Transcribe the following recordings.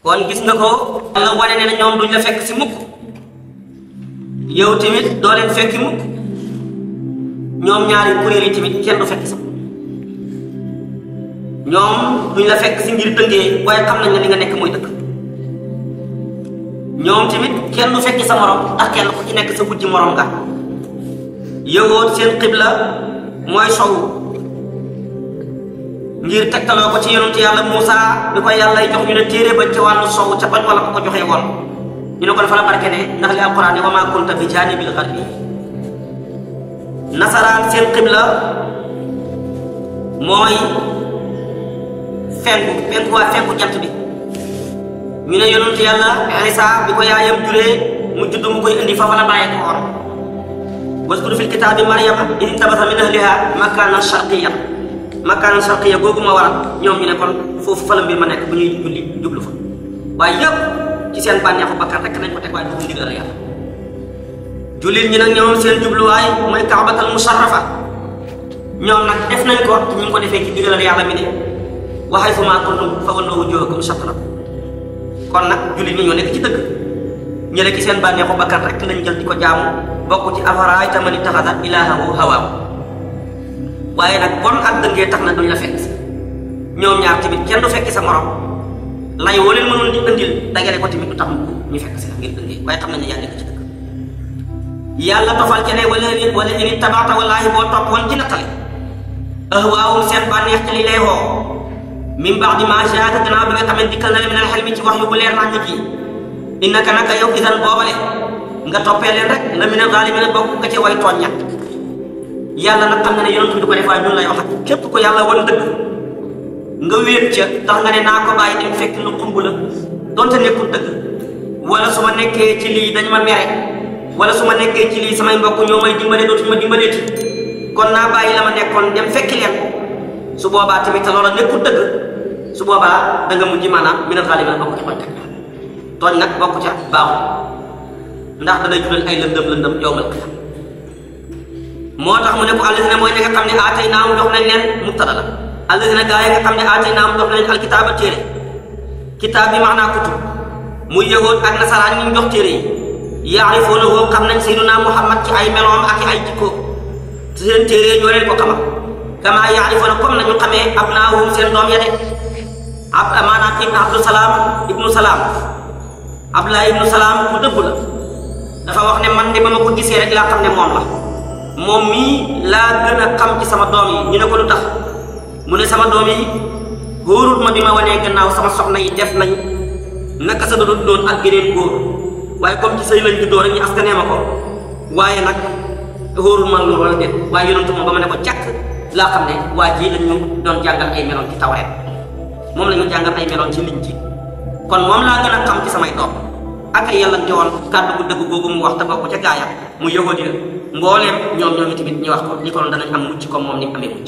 kon gis nga ko yàlla wane ne ñoom duñ la fekk si mukk yow tamit doo leen fekki mukk ñoom ñaari kuréel yi tamit kenn du fekk nga nekk mooy dëkk tamit kenn du fekki sa morom ak kenn ku ci nekk sa wujji morom nga yëgoon seen xibla mooy sowu ngir tegtaloo ko ci yonentu yàlla Moussa bi ko yàlla jox ñu ne téere ba ci wàllu sow ca bañ ko ko joxee woon ñu ne ko dafa la barke ne ndax li ne wa maa kunta fi jaanibil garbi nasaraan seen xibla mooy fenku fenku jant bi ñu ne yonentu yàlla Isa bi ko yaayam juree mu judd mu koy indi foofa la bàyyi ko woon waskur fil kitaabi Maryama idh intabazat min ahliha makanan sharqiyyan makaan sarqiya googu ma waral ñoom ñu ne kon foofu fa la mbir ma nekk bu ñuy julli jublu fa waaye yëpp ci seen bànneexu bakkan rek nañ ko teg waaye du ndigal yàlla julit ñi nag ñoom seen jubluwaay mooy kaabatal musarrafa ñoom nag def nañ ko ñu ngi ko defee ci ndigalal yàlla mi ne waxay fu maa kuntum fa walloo wujuhakum shatra kon nak julit ñi ñoo nekk ci dëgg ñële ci seen bànneexu bakkan rek lañ jël di jaamu bokk ci afaraay tamani taxada hawaahu waaye nag bon ak dëngee tax na duñ la fekk ñoom ñaar tamit kenn du fekki sa morom lay woo leen mënoon di indil dagale ko tamit du tax ñu fekk si la ngir dëngee waaye xam yaa nekk ci dëgg yàlla tofal ci ne ini tabaata wallaahi boo topp woon ci nattale ahwaawum seen bànneex ci li lay min baax di maa jaaka gannaaw bi nga xamee dikkal na la minal xel mi ci wax yu bu leer naa nit yi innaka naka yow isan boobale nga toppee leen rek la mina yàlla na xam nga ne yonent bi du ko def ñun lay wax képp ko yàlla wan dëgg nga wéet ca tax nga ne naa ko bàyyi dem fekk lu xumb la donte nekkul dëgg wala su ma nekkee ci lii dañ ma mere wala su ma nekkee ci lii samay mbokk ñoo may dimbale dootu ma dimbaleeti kon naa bàyyi la ma nekkoon dem fekki leen su boobaa tamit te loola nekkul dëgg su boobaa da nga mujj maanaam minal xaalima bokk ci nag bokk ca baaxul ndax danay jural ay lëndëm lëndëm yow mal moo tax mu ne ko allazina mooy ñi nga xam ne aatay naam jox nañ leen mubtada la allazina gaa yi nga xam ne aatay naam jox nañ alkitaaba téere kitaab bi maanaa kutub muy yëgoon ak nasaraan ñu jox téere yi yaarifuunahu xam nañ sayyiduna muhammad ci ay meloom ak ay jikkoom seen téere ñoo leen ko xamal kama yaarifuuna comme nañu xamee ab maanaam ibn abdu salaam ibnu de ba ma ko gisee laa xam ne moom mii laa gën a xam ci sama doom yi ñu ne ko lu tax mu ne sama doom yi góorul ma bi ma wanee gannaaw sama soxna yi def nañ naka sa doon doon ak geneen góor waaye comme ci sëy lañ juddoo rek ñu askanee ma ko waaye nag xóorul ma loolu wala déet waaye yonentu moom ba ma ne ko càkk laa xam ne waa jii lañ ñu doon jàngal ay meloon ci tawreet moom la ñu jàngal ay meloon ci liñ ji kon moom laa gën a xam ci samay doom aka yelante iya woon kàddu gu dëgg googu ya. mu wax ta bokku ca gaaya mu yëgoo di mbooleem ñom ñooñu tamit ñi wax ko ni ko danañ am mucc ko mom ni amé mucc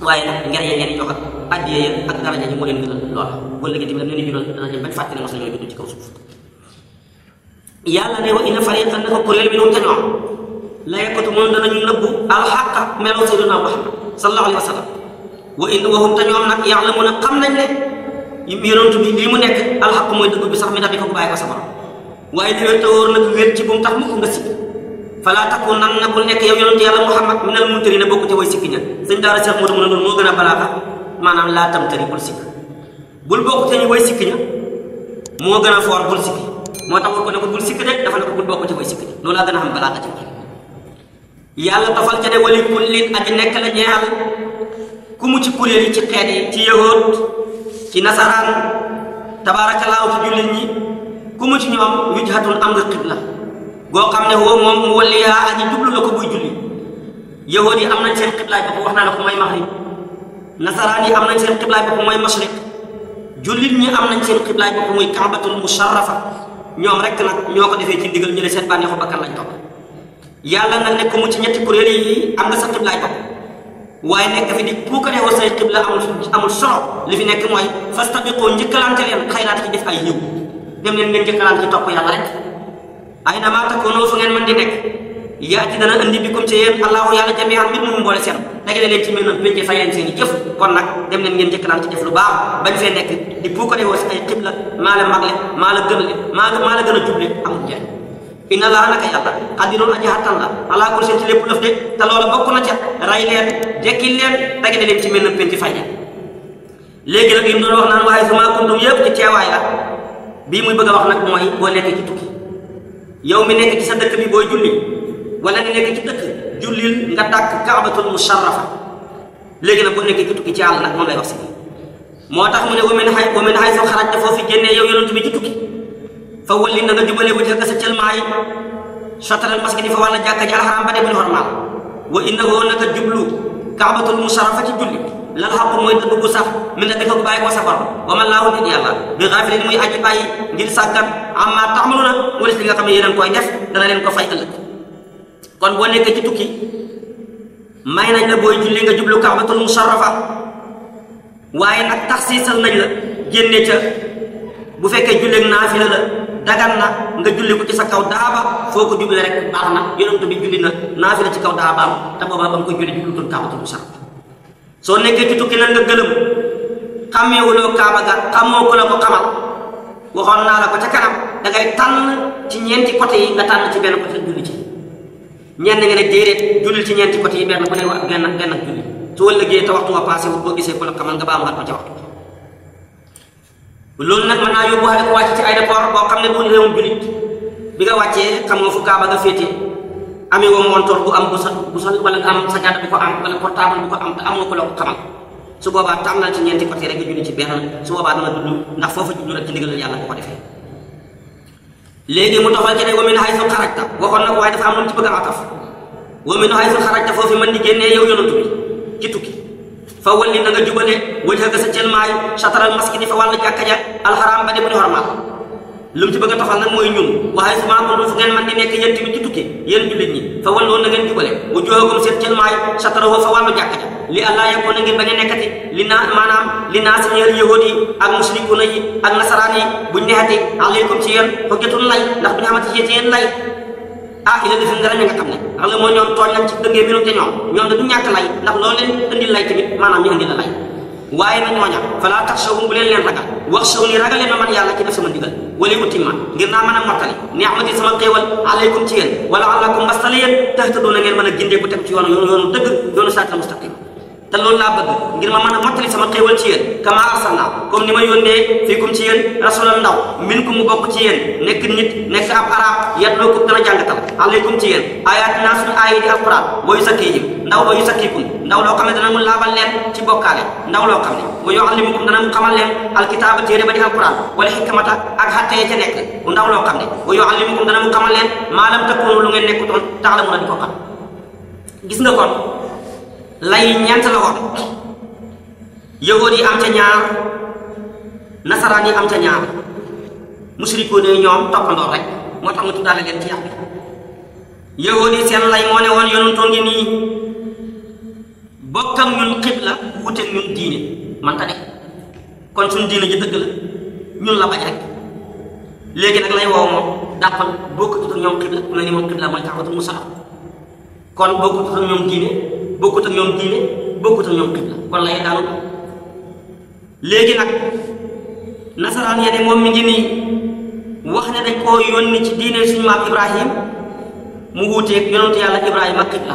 waaye nak ngeen ya ngeen jox ak addiye ya ak dara ja ji mo leen gënal lool bu léegi tamit ñu ñu doon ci bañ fàtte ne mos nañoo bind ci kaw suuf yalla ne wa inna fariqan nako naka kuréel bi noonu la yakatu la yekkatu ñu nebb al haqq melo sayyiduna muhammad sallallahu alaihi wasallam wa in wa hum te ñoom nag yàlla mu ne xam nañ ne yonent bi lii mu nekk alxaq mooy dëgg bi sax mi nabi ko ku bàyyi ko sama waaye di wér te nag wér ci tax mu nga sikk falaa takku nan na bul nekk yow yonent yàlla muhammad minal mumtari na bokku ca way sikki ña sëñ daara Cheikh Modou mën a noonu moo gën a balaaxa maanaam laa tamtari bul sikk bul bokk ca ñu way ña moo gën a foor bul sikki moo tax war ko ne ko bul sikk de dafa ne bul bokk ca way ña loolu laa gën a xam balaaxa ci ci nasaraan tabaarakallaahu ci jullit ñi ku mu ci ñoom wijhatun am nga xibla goo xam ne woo moom mu walliyaa aji jublu la ko buy julli yahood yi am nañ seen xiblaay bopp wax naa la ko mooy maxrib nasaraan yi am nañ seen xiblaay bopp mooy mashriq jullit ñi am nañ seen xiblaay bopp muy kaabatul musharrafa ñoom rek nag ñoo ko defee ci ndigal ñu ne seen bànneexu bakkan lañ topp yàlla nag ne ku mu ci ñetti kuréel yi am nga sa xiblaay bopp waaye nekk fi di puukare woo say xibla amul solo li fi nekk mooy fastabiqoo njëkkalante leen xayraat ci def ay yiw dem leen ngeen njëkkalante ci topp yàlla rek ay na maa takkoonoo di nekk yaa ci dana andi bi comme ci yéen allahu yàlla jami'an mbir moomu mboole leen ci mel noonu pénce fay leen jëf kon nag dem leen ngeen njëkkalante ci lu baax bañ fee nekk di puukare woo ay xibla maa la magle maa la gën le maa maa la gën a juble amul njëriñ inna laa naka a xadiroon aji xattan la alaa kulli shay'in ci lépp lëf de te loola bokk na ca rey leen dekkil leen dagane leen ci mel na penti fay leen léegi nag li mu doon wax naan waaye suma kuntum yëpp ci teewaay la bii muy bëgg a wax nag mooy boo nekk ci tukki yow mi nekk ci sa dëkk bi booy julli wala nga nekk ci dëkk jullil nga dàkk kaabatul musharrafa léegi nag boo nekkee ci ci àll nag moom lay wax si moo tax mu ne wa min xay wa xaraj foofu génnee yow yonent fa walli na nga jubale wajal ka sa cëlmaay satral masjid fa na jàkka ji alxaram ba de bu ñu xormaal wa innahu naka jublu kaabatul musarafa ci julli lal xaqu mooy dëgg gu sax min na dëkk gu bàyyi ko safar wa man laahu nit yàlla bi xaafilin muy aji ngir sàggan amma taxmaluna walis li nga xam ne yeneen koy def dana leen ko fay ëllëg kon boo nekkee ci tukki may nañ la booy julli nga jublu kaabatul musarafa waaye nag taxsiisal nañ la génne ca bu fekkee julleeg dagan na nga julli ko ci sa kaw daaba foo ko julli rek baax na yonent bi julli na naafila ci kaw daabaam te boobaa ba ko julli jullitul kaabatul mu sax soo nekkee ci tukki na nga gëlëm xameewuloo kaaba ga xamoo ko la ko xamal waxoon naa la ko ca kanam da ngay tànn ci ñeenti côté yi nga tànn ci benn côté julli ci ñenn nga ne déedéet jullil ci ñeenti côté yi benn ku ne benn benn julli su wëllëgee te gisee ku la xamal nga baamuwaat ko ca waxtu loolu nag mën naa yóbbuwaale ko wàcc ci aéroport boo xam ne bu réewum julit bi nga wàccee xam nga fu kaaba nga féete amee woo montor bu am bu sa bu sa wala am sajaada bu ko am wala portable ko am te amoo su boobaa tam na ci ñeenti côté rek nga julli ci benn su boobaa dana dudd ndax foofa jublu rek ci ndigalal yàlla nga ko defee léegi mu doxal ci ne wa min haysu xarajta waxoon na ko waaye dafa am lu mu ci bëgg a ataf wa min haysu xarajta foofu mën di génnee yow yonantu bi ci fa walli na nga jubale wajhaka sa cëlmaayu sataral maskini fa wàll jàkka ja alxaraam ba de bu ñu xormaal lu mu ci bëgg a toxal nag mooy ñun waaye su maa kuntum fu ngeen man di nekk yéen tamit ci tukki yéen jullit ñi fa walloon na ngeen jubale wujuhakum seen cëlmaayu satarahu fa wàllu jàkka ja li allah yekkoon na ngir bañ a nekkati li naa maanaam li naa si ñeel yi ak musrikuuna yi ak nasaraan yi buñ aleykum ci yéen xujjatun lay ah ina defin dara ñu nga xam ne xam nga mooy ñoom tooñ ci dëngee mbirum ca ñoom ñoom du ñàkk lay ndax loolu leen indil lay tamit maanaam ñu indi la lay waaye nag ñooña falaa taxshawhum bu leen leen ragal waxshaw ni ragal leen ma man yàlla ci def sama ndigal wala utimma ngir naa mën a mottali ni'mati sama xéewal alaykum ci yéen wala alakum mbastale yéen tahtaduna ngeen mën a gindee bu teg ci yoonu yoonu dëgg yoonu saatal mustaqim te loolu laa bëgg ngir ma mën a mottali sama xéewal ci yéen kama arsalna comme ni may yónnee fiikum ci yéen rasulan ndaw min ku mu bokk ci yéen nekk nit nekk ab arab yat loo ko dana jàngatal aleykum ci yéen ayatina suñu aaya di alquran wa yusakkihim ndaw wa yusakkikum ndaw loo xam ne dana mu laabal leen ci bokkaale ndaw loo xam ne wa yuallimukum dana mu xamal leen alkitaaba téere ba di alquran wala xikmata ak xattee ca nekk ndaw loo na ko lay ñant la woon yahudi amcanya, am ca ñaar nasaraan am ca ñaar musriko ne ñoom toppandoo rek moo tax mu tuddaale leen ci yaa yahudi sen lay mo ne won yonantoo ngi ni bokkam ñun qibla wuté ñun diiné man ta ne kon suñ diiné ji dëgg la ñun la bañ rek légui nak lay woow moom dàppal bokk tudd ñoom qibla ni moom mooy musala kon bokk tudd ñoom diiné bokut ak ñoom diine bokut ak ñoom xibla kon lay daanu legi nak nasaran ya de mom mi ngi ni wax ne dañ ko yonni ci diine suñu maam ibrahim mu ak yonante yalla ibrahim ak xibla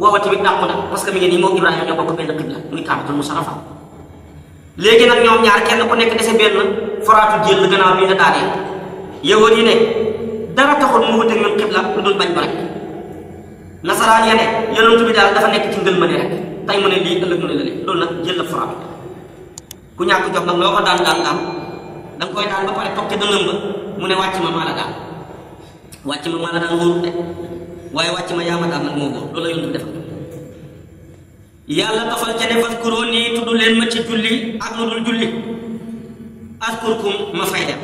woowa tibi dàqu nak parce que mi ngi ni mo ibrahim ñoko bokk benn kitla muy kaabatul musarafa legi nak ñom ñaar kenn ku nekk dese benn foraatu jël gannaaw bi nga daalé yowoon yi ne dara taxul mu ak ñun xibla lu dul bañ ba rek nasaraan ya ne yonent bi daal dafa nekk ci ngëlmane rek tey mu ne lii ëllëg mu ne lële loolu nag jël la fra ku ñàkk jox nag loo ko daan daan daan da koy daan ba pare toog ca mu ne wàcc ma maa la daan wàcc ma maa la daan waaye wàcc ma yaa moo góor loolu la yonent bi defal yàlla dafal ca ne fazkuruni tudd leen ma ci julli ak mu dul julli askurkum ma fay dem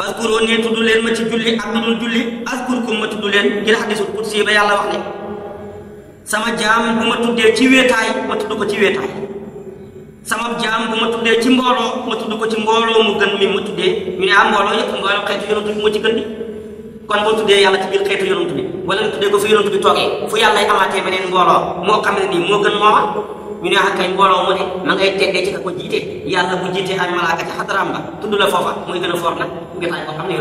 faskuroo ne tudd leen ma ci julli ak lu dul julli askurkum ma tudd leen ngir xadisul kursi ba yàlla wax ne sama jaam bu ma tuddee ci wéetaay ma tudd ko ci wéetaay sama jaam bu ma tuddee ci mbooloo ma tudd ko ci mbooloo mu gën mi ma tuddee ñu ne ah mbooloo yëpp mbooloo xeetu yonantu bi moo ci gën bi kon boo tuddee yàlla ci biir xeetu yonantu bi wala nga tuddee ko fi yonantu bi toogee fu yàlla ay amaatee beneen mbooloo moo xam ne moo gën mooma ñu ne ak ah kañ mbooloo mu ne ma ngay teddee ci ka ko jiite yàlla bu jiitee ay malaaka ci xadaraam ba tudd la foofa muy gën a foor nag jotaay boo xam ne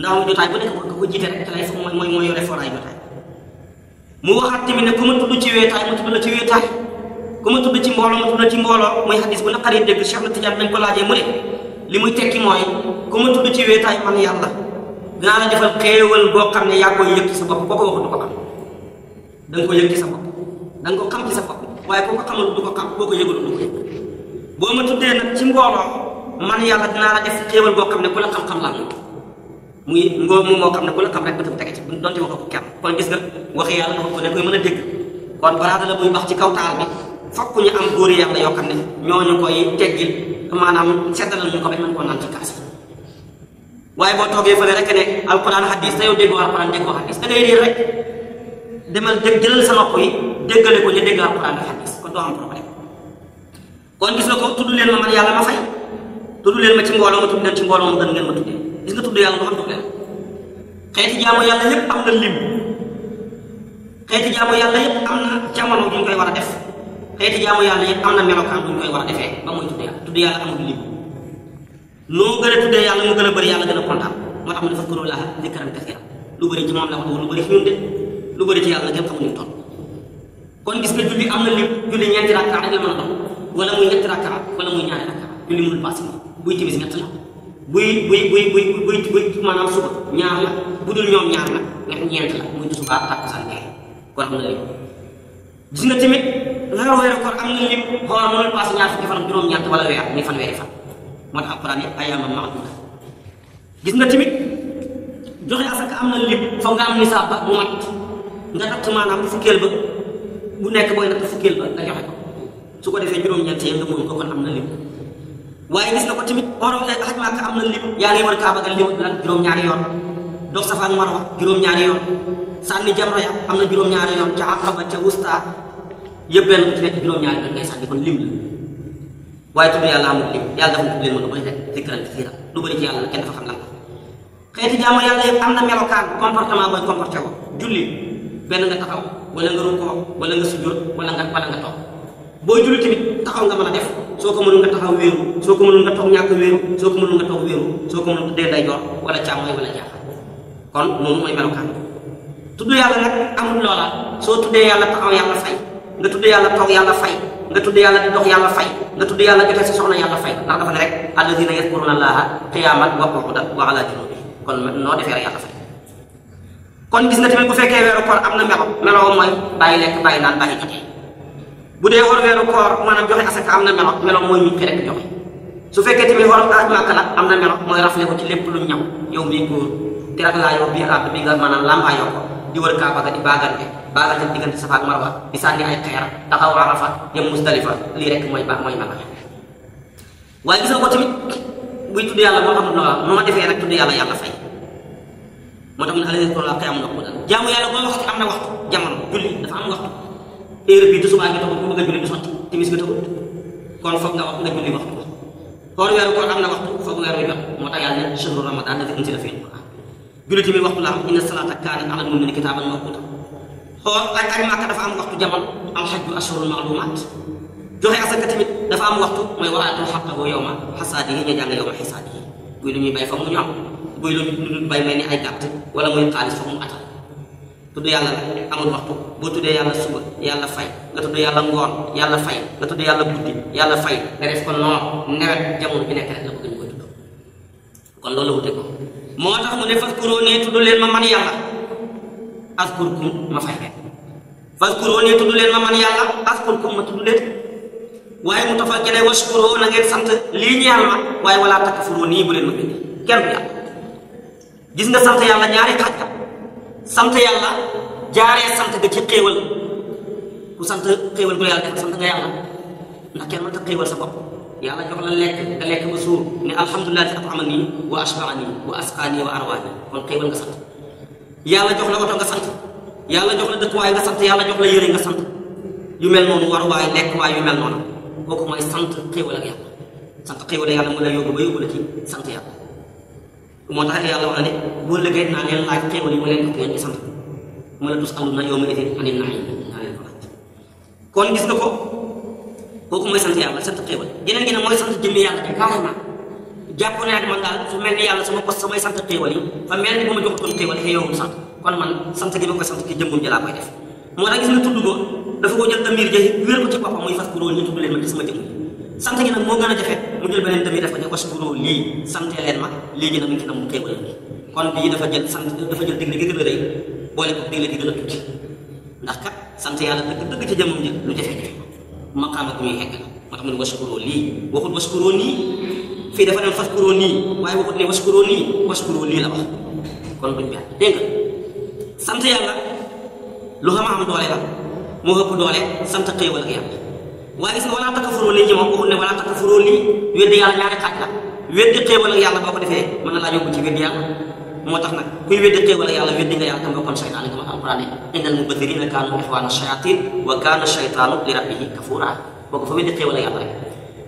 mu jotaay bu nekk ka ko jiite rek te lay mooy mu waxaat tamit ne ku ma tudd ci weetaay mu tudd ci weetaay ku ma tudd ci mbooloo mu tudd la ci mbooloo muy xadis bu naqaree dégg Cheikh dañ ko laajee mu ne li muy tekki mooy ku ma tudd ci weetaay man yàlla dinaa la defal xéewal boo xam ne yaa koy yëg ci sa bopp boo ko waxut ko da nga koy sa da ko xam ci sa bopp waaye boo xamul du ko xam boo ko yëgul du ko yëg boo ma tuddee nag ci mbooloo man yàlla dinaa la def xéewal boo xam ne ku la xam-xam laa moom muy ngoo xam ne ku xam rek bëtam tege bu donte waxoo ko kenn kon gis nga waxi yàlla dafa ko mën a dégg kon baraada la buy wax ci kaw taal bi fokk ñu am góori yàlla yoo xam ne ñooñu koy teggil maanaam seddalal ñu ko bañ mën koo naan ci kaas waaye boo toogee fële rek ne alquran hadis te yow déggoo alquran déggoo hadis da ngay réer rek demal dégg jëlal sa nopp yi déggale ko ñu dégg alquran ak xadis kon doo am problème kon di nga ko tudd leen ma man yàlla ma fay tudd leen ma ci mbooloo ma tudd leen ci mbooloo ma gën ngeen ma tuddee gis nga tudd yàlla doo am problème xeeti jaamu yàlla yépp am na lim xeeti jaamu yàlla yépp am na jamono bu ñu koy war def xeeti jaamu yàlla yépp am na melokaan bu ñu koy a defee loo gën a tuddee yàlla mu gën a bëri yàlla gën a kontaan moo tax mu dafa kuró laa dikkaram kasiram lu bëri ci moom la wax lu bëri ci ñun lu bari ci yalla kenn xamul mu ton kon gis nga julli amna li julli ñeenti rakka rek la mëna a wala muy ñett rakka wala muy ñaari rakka julli mënul pass moom buy bis ñett la buy buy buy buy buy buy manam suba ñaar la bu dul ñoom ñaar la ñett ñent la muy tusuba takkusaan ngay kon xam na lay gis nga timit la weeru koor am na lim xool mënul passé ñaar fukki fa juróom-ñeent wala weer muy fan weeri fan moo alquran ne ayyaama ma'duuda gis nga timit joxe asaka amna lim nga am nisaab ba mat nga natt maanaam bu fukkeel ba bu nekk mooy natt fukkeel ba nga joxe ko su ko defee juróom-ñeent yi nga mun ko kon am lim waaye gis na ko tamit orom lay xaj màkk lim yaa ngi war kaaba ga lim lan juróom-ñaari yoon dox safa ak marwa juróom-ñaari yoon ya am na juróom yoon ca aqaba ca wusta yëpp ci nekk juróom-ñaari yoon ngay kon lim la waaye tudd yàlla amul lim yàlla dafa tudd leen mën a bëri rek dikkaral du ci kenn dafa xam lan comportement julli ben nga taxaw wala nga ruko wala nga sujud wala nga wala nga tok boy julli tamit taxaw nga mala def soko ko nga taxaw wéeru soko ko nga tok ñak wéeru soko ko nga tok wéeru soko ko mënul day jor wala chamoy wala jaaxal kon moy melo kan tuddu yalla nak amul lola so tuddé yalla taxaw yalla fay nga tuddé yalla tok yalla fay nga tuddé yalla di dox yalla fay nga tuddé yalla jotté ci soxna yalla fay ndax dafa rek alladina yaqulu allaha qiyamatan wa quudan wa ala junubi kon no defé yalla fay kon gis nga tamit bu fekkee weeru koor am na melo melo mooy bàyyi lekk bàyyi naan bàyyi jote bu dee xor weeru koor maanaam joxe asaka am na melo melo mooy ñu ki rek joxe su fekkee tamit xor ak ma kala am na melo mooy rafle ko ci lépp lu ñam yow mi góor te rag laa yow bi ràbb bi nga maanaam làmbaayoo ko di wër kaaba ga di baagante ci diggante safa ak marwa di sànni ay xeer taxaw arafa dem musdalifa lii rek mooy ba mooy màkka waaye gis nga ko tamit buy tudd yàlla moo xam loola noo defee rek tudd yàlla yàlla fay moo tax mu ne alal tool ak waxtu jaamu na waxtu jamono julli dafa am waxtu heure bii du subaa nga taxul ku bëgg a am waxtu foog weer wi ak ak màkka dafa am waxtu jamono al-hajju ashhurun ma'luumaat joxe asaka tamit dafa am waxtu wa ñuy bay fa mu ñu buy lu lu dul bay mel ni ay gàtt wala muy xaalis fa mu atal tudd yàlla nag amul waxtu boo tuddee yàlla suba yàlla fay nga tudd yàlla ngoon yàlla fay nga def ko noor nawet jamono bi nekk rek la bëgg ñu koy tudd kon loolu wute ne tudd leen ma man yàlla askurkum ma fay ma tudd leen waaye mu tofal keneen washkuroo na ngeen sant lii ñaan ma waaye walaa takfuroo nii bu leen ma bindi kenn du yàlla gis nga sant yàlla ñaari xaaj sant yàlla jaaree sant ga ci xéewal ku sant xéewal yàlla def sant nga yàlla ndax yàlla jox lekk nga lekk ba suur ne alhamdulilah si at'ama wa ashbaani wa arwaani kon xéewal nga sant yàlla jox la nga sant yàlla jox la dëkkuwaay nga sant yàlla jox la nga sant yu mel noonu war waay lekk waay yu mel noonu kooku sant xéewal ak yàlla sant xéewal yàlla mu la yóbbu ba yóbbu la ci sant yàlla moo tax yàlla wax ne boo lëggee naa leen laaj leen jox ngeen di sant na yow ma itin anin naa leen naa leen ko laaj kon gis nga ko kooku mooy sant yàlla sant xéewal yeneen gi nag mooy sant jëmmi man daal su mel ni yàlla sama bos samay sant xéewal mel ni bu ma joxutoon xéewal xëy yow sant kon man sant gi ma koy sant ki jëmmum ji laa def moo tax gis nga tudd ko dafa ko jël damir ja wéer ko ci boppam muy fas ko rool ñu leen ma gis ma jëmm sant gi nag moo gën a jafe mu jël beneen demi def ko ne waskuroo lii sante leen ma léegi nag mu ngi nam kéewalam dafa jël sant a rëy boole ko digle gi a tuuti sant yàlla dëgg dëgg ca jamono ji lu jafe lii waxul waskuroo nii fii dafa dem faskuroo nii waaye lii la wax kon duñ benn dégg sant yàlla lu xam am la moo ëpp doole sant waaye gis nga walaa takafuroo lii ci moom waxul ne walaa takafuroo lii weddi yàlla ñaari xaaj la weddi xéewal ak yàlla boo ko defee mën na laa yóbbu ci weddi moo tax nag kuy weddi xéewal nga yàlla tam bokkoon seytaane ko wax alquran ne innal mubadhirina kaanu ixwaana shayatin wa kaana shaytaanu li rabbihi kafura ko fa weddi xéewal ak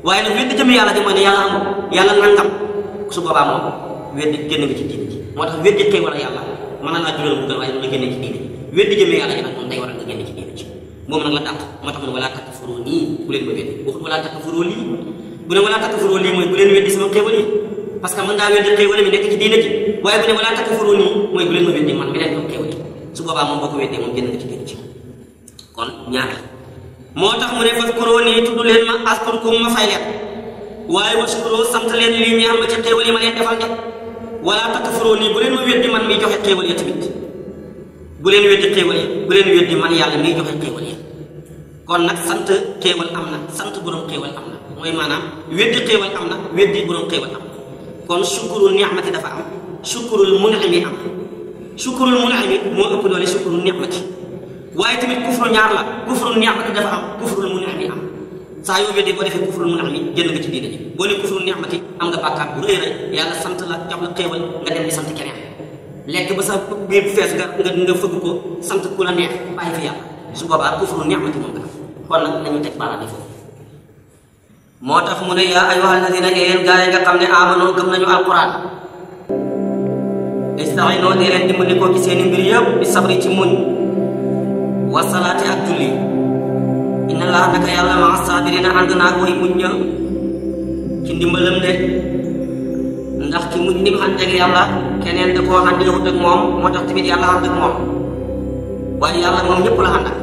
waaye nag weddi jëmi yàlla ji mooy ne yàlla nangam su boobaa weddi génn nga ci diine ji moo tax weddi xéewal ak yàlla mën na laa jural mu gën waaye ci diine ji ci moom moo tax mu ne walaa takk furoo nii bu leen ma weddi waxut walaa takk furoo parce que mën ngaa weddi xéewal mi nekk ci diina ji man mi leen jox xéewal yi su ko weddee moom génn nga ci génn moo tax mu ne fas kuroo nii tudd leen ma askon ko ma fay leen waaye wa sukuroo sant leen lii yi ma leen defal de walaa takk furoo nii bu ma weddi man miy joxe xéewal ya tamit bu leen weddi xéewal yi bu weddi man yàlla miy joxe xéewal yi kon nag sant xéewal am na sant borom xéewal am na mooy maanaam weddi xéewal am na weddi borom xéewal am na kon sukkurul ni'mati dafa am sukkurul mun'imi am sukkurul mun'imi moo ëpp doole sukkurul ni'mati waaye tamit kufru ñaar la kufru ni'mati dafa am kufrul mun'imi am saa yoo weddee boo defee kufrul mun'imi jënd nga ci diine ji boo ne kufrul am nga bàkkaar bu rëy rëy yàlla sant la jox la lek ba sa be fess ga nga nga fëgg ko sant ko la neex bay fi yàlla su boobaa fu neexmati moom gën kon nag nañu teg baaraam bi foofu moo tax mu ne ya ayuha alladina yéen ya gaa yi nga xamne ne amanoo nañu alquran istaxinoo di len dimbali ko ci seen mbir yeb bi sabri ci muñ wa salati ak julli inna laa naka yàlla maa sabirina ànd ko yi muñ ci ndimbalam de ndax ci mujj ni mu xanteeg yàlla keneen da koo xante wut ak moom moo tax tamit yàlla xant ak moom waaye yàlla moom ñëpp la xant ak